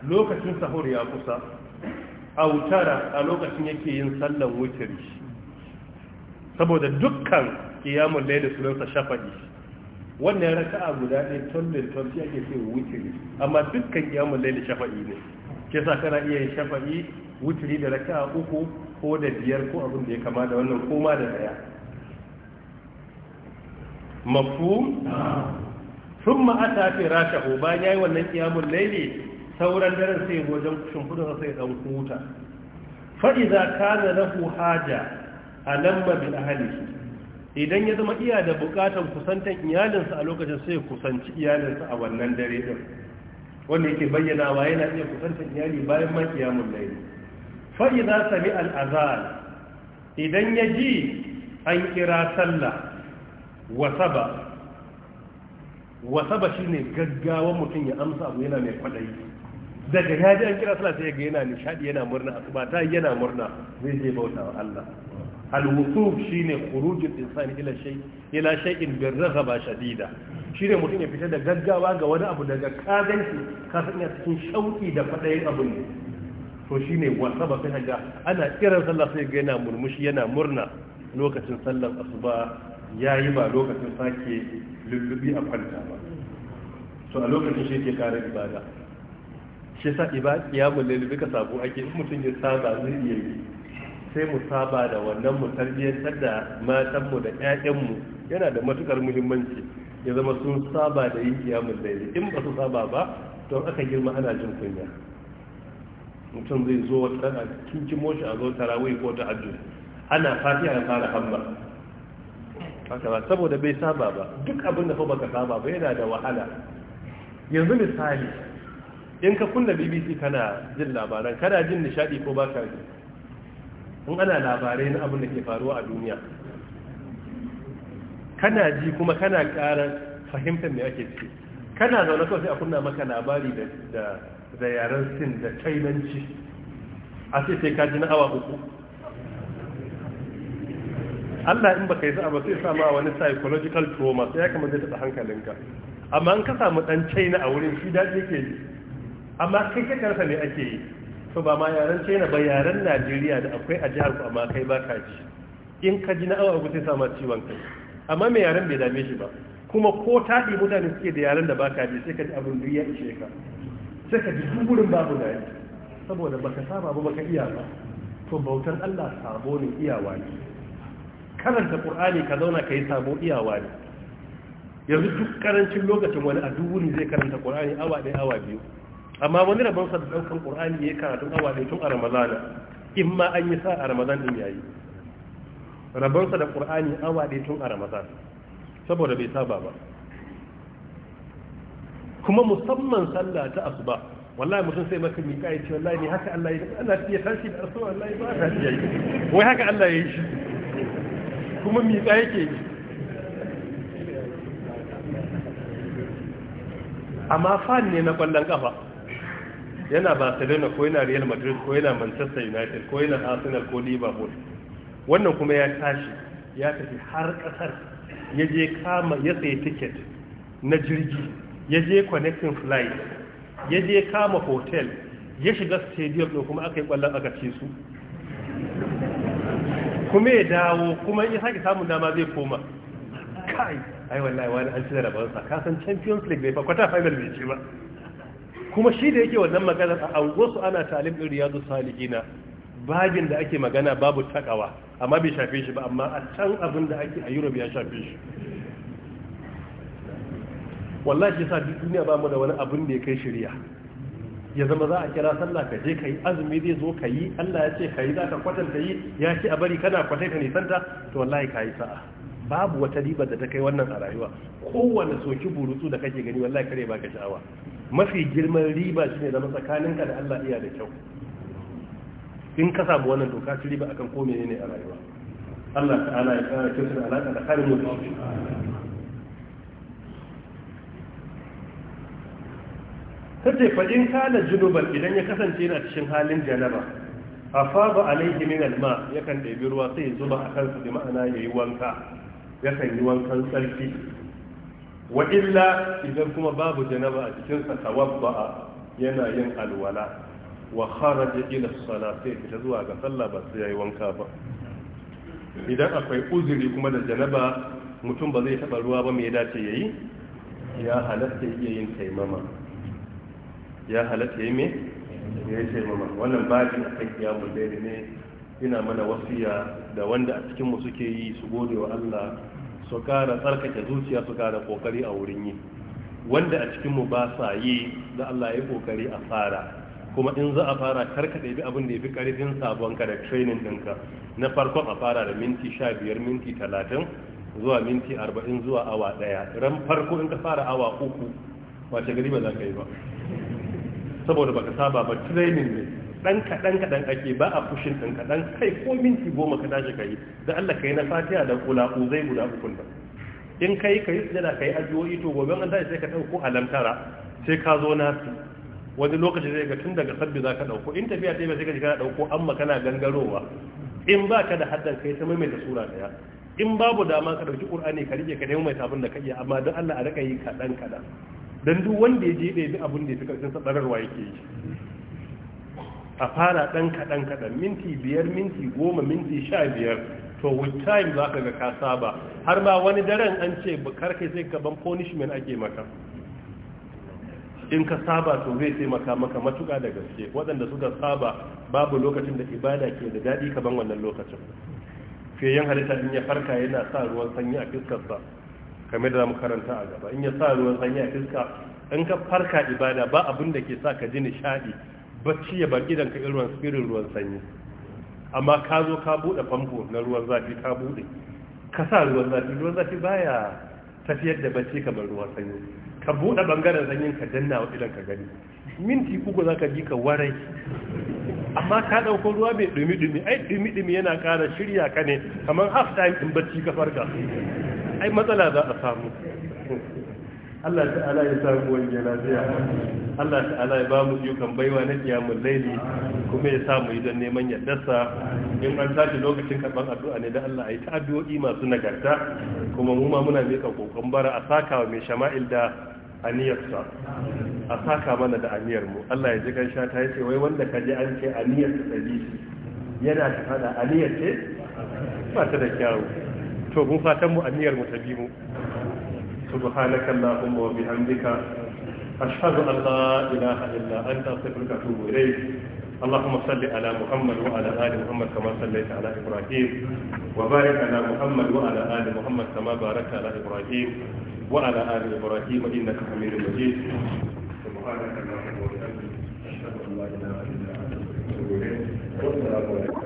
lokacin sahur ya kusa autara a lokacin yake yin sallan shi saboda dukkan kiyamun laili sunansa shafa'i wannan raka'a guda ɗaya tollin tolci ake ce wutiri amma dukkan kiyamun laili shafa'i ne ke sa kana iya yin shafa'i wutiri da raka'a uku ko da biyar ko abin da ya kama da wannan ko ma da daya mafhum thumma ata firashahu bayan yayi wannan kiyamun layli sauran daren sai wajen shimfidar sai dan huta fa idza kana lahu haja alamma bi ahlihi idan ya zama iya da bukatan kusantan iyalinsa a lokacin sai kusanci iyalinsa a wannan dare din wanda yake bayyana wa yana iya kusantan iyali bayan ma kiyamun layli fa idza sami al azan idan ya ji an kira sallah wasaba wasaba ne gaggawa mutum ya amsa abu yana mai kwadayi daga ya ji an kira sallah sai ya ga yana nishadi yana murna asuba ta yana murna zai je bauta wa Allah alwusuf shine khurujul insani ila shay ila shay'in bi raghaba shadida shine mutum ya fita da gaggawa ga wani abu daga kazanci ka sanya cikin shauki da fadayin abu ne to shine wasaba ba sai ga ana kiran sallah sai ga yana murmushi yana murna lokacin sallar asuba yayi ba lokacin sake lullubi a kwanta ba to a lokacin shi ke kare ibada shi sa ibada ya mulalubi ka sabu ake mutum ya saba zai iya yi sai mu saba da wannan mu tarbiyyantar da matanmu da 'ya'yanmu yana da matukar muhimmanci ya zama sun saba da yin kiyamun daidai in ba su saba ba don aka girma ana jin kunya mutum zai zo wata kin ci moshi a zo tarawih ko ta hajji ana fatiha a fara hamma haka ba saboda bai saba ba duk abin da fa baka saba ba yana da wahala yanzu misali in ka kunna bbc kana jin labaran kana jin nishadi ko ba ka jin in ana labarai na abin da ke faruwa a duniya kana ji kuma kana ƙara fahimtar me ake ciki kana zaune kawai sai a kunna maka labari da yaren sin da kainanci a sai sai ka ji na awa uku Allah in baka yi sa'a ba sai sama wani psychological trauma sai ya kamata taɓa hankalinka amma in ka samu dan China a wurin shi da ke yi amma kai ka karsa me ake yi to ba ma yaren china ba yaren najeriya da akwai a jihar ku amma kai ba ka ji in ka ji na awa ku sai sama ciwon kai amma mai yaren bai dame shi ba kuma ko ɗi mutane suke da yaren da ba ka ji sai ka ji abin duk ya ishe ka sai ka ji duburin babu da yi saboda ka saba ba ka iya ba to bautan allah sabo ne iyawa ne karanta qur'ani ka zauna ka yi sabo iyawa ne yanzu duk karancin lokacin wani a dubu ne zai karanta qur'ani awa ɗaya awa biyu amma wani rabon sa da daukan qur'ani ya karatu awa da tun a ramadana in ma an yi sa a ramadan din yayi rabon sa da qur'ani awa da tun a ramadan saboda bai saba ba kuma musamman sallah ta asuba wallahi mutum sai maka mi kai ce wallahi ne haka Allah ya Allah ya tashi da asuba wallahi ba ta yi wai haka Allah ya yi shi kuma mi kai yake yi amma fa ne na kwallon kafa yana barcelona ko yana real madrid ko yana manchester united ko yana arsenal ko liverpool wannan kuma ya tashi ya tafi har kasar ya je kama ya sayi ticket na jirgi ya je connecting flight ya je kama hotel ya shiga stadium ɗin kuma aka yi ƙwallon aka ce su kuma ya dawo kuma ya sake samun dama zai koma kai ai wallahi wani an ci da rabansa ka san champions league bai fa kwata final bai ci ba kuma shi da yake wannan magana a angosu ana talim din riyadu salihina babin da ake magana babu takawa amma bai shafe shi ba amma a can abin da ake a Europe ya shafe shi wallahi yasa duk duniya ba mu da wani abin da ya kai shari'a ya zama za a kira sallah ka je kai azumi zai zo ka yi Allah ya ce ka yi za ka kwatanta yi ya ce a bari kana kwatai ka nisanta to wallahi ka yi sa'a babu wata riba da ta kai wannan a rayuwa kowane soki burutsu da kake gani wallahi kare baka sha'awa mafi girman riba shine zama tsakaninka da Allah iya da kyau in ka samu wannan doka ci riba akan ko menene a rayuwa Allah ta'ala ya kara kyautar da alaka da karin mutum kace fa in kana junuban idan ya kasance yana cikin halin janaba afaba alaihi min alma yakan ɗabi ruwa sai zuba a kansa da ma'ana ya yi wanka yakan yi wankan tsarki wa illa idan kuma babu janaba a cikin sa tawabba yana yin alwala wa kharaja ila salati fita zuwa ga sallah ba sai yayi wanka ba idan akwai uzuri kuma da janaba mutum ba zai taba ruwa ba me ya dace yayi ya halatta iya yin taimama ya halatta yi me taimama wannan babin a kan ya daidai ne ina mana wasiya da wanda a cikin mu suke yi su gode wa Allah su kara tsarkake zuciya su kara kokari a wurin yi wanda a cikin mu ba sa yi da Allah ya kokari a fara kuma in za a fara karka ɗabi abin da ya fi ƙarfin sabonka da training ɗinka na farkon a fara da minti sha biyar minti talatin zuwa minti arba'in zuwa awa ɗaya ran farko in ka fara awa uku wace gari ba za ka yi ba saboda baka saba ba training ne dan kaɗan kadan ake ba a fushin ɗan kadan kai ko minti goma ka tashi ka yi da Allah ka na fatiha da kula zai guda ku in ka yi ka yi sujada ka addu'o'i to gobe an tashi sai ka ɗauko alamtara sai ka zo na su wani lokaci zai ga tun daga sabbi za ka in tafiya ta yi sai ka ji kana ɗauko amma kana gangarowa in ba ka da haddan kai ta maimaita sura daya in babu dama ka ɗauki ƙur'ani ka rike ka nemi mai abin da ka iya amma don Allah a rika yi kaɗan kadan dan duk wanda ya je dai abin da ya fi yake yi a fara ɗan kaɗan kaɗan minti biyar minti goma minti sha biyar to with time za ka ga ka saba har ma wani daren an ce karka zai gaban punishment ake maka in ka saba to zai sai maka maka matuƙa da gaske waɗanda suka saba babu lokacin da ibada ke da daɗi ban wannan lokacin fiyayen halitta in ya farka yana sa ruwan sanyi a fiskarsa kamar da mu karanta a gaba in ya sa ruwan sanyi a fiska in ka farka ibada ba abin da ke sa ka ji nishaɗi bacci ya baki danka ka irin ruwan sanyi amma ka zo ka bude famfo na ruwan zafi ka bude ka sa ruwan zafi ruwan zafi baya tafiyar da bacci kamar ruwan sanyi ka bude bangaren sanyin ka danna wa idan ka gani minti uku zaka ji ka warai amma ka dauko ruwa mai dumi dumi ai dumi dumi yana kara shirya ka ne kamar half time din bacci ka farka ai matsala za a samu Allah ta'ala ya sa mu wani lafiya Allah ta'ala ya ba mu yukan baiwa na kiyamul laili kuma ya sa mu yi don neman yaddarsa in an tashi lokacin karban addu'a ne da Allah ya yi ta addu'o'i masu nagarta kuma mu ma muna mika kokon bara a saka wa mai shama'il da aniyarsa a saka mana da aniyarmu Allah ya ji gansha ta yace wai wanda ka ji an ce aniyar ta tsari yana ta fada aniyar ce ba ta da kyawu to mun fatan mu aniyar mu ta bi mu سبحانك اللهم وبحمدك أشهد أن لا إله إلا أنت أستغفرك وأتوب إليك اللهم صل على محمد وعلى آل محمد كما صليت على إبراهيم وبارك على محمد وعلى آل محمد كما باركت على إبراهيم وعلى آل إبراهيم إنك حميد مجيد سبحانك اللهم وبحمدك أشهد أن لا إله إلا أنت أستغفرك وأتوب إليك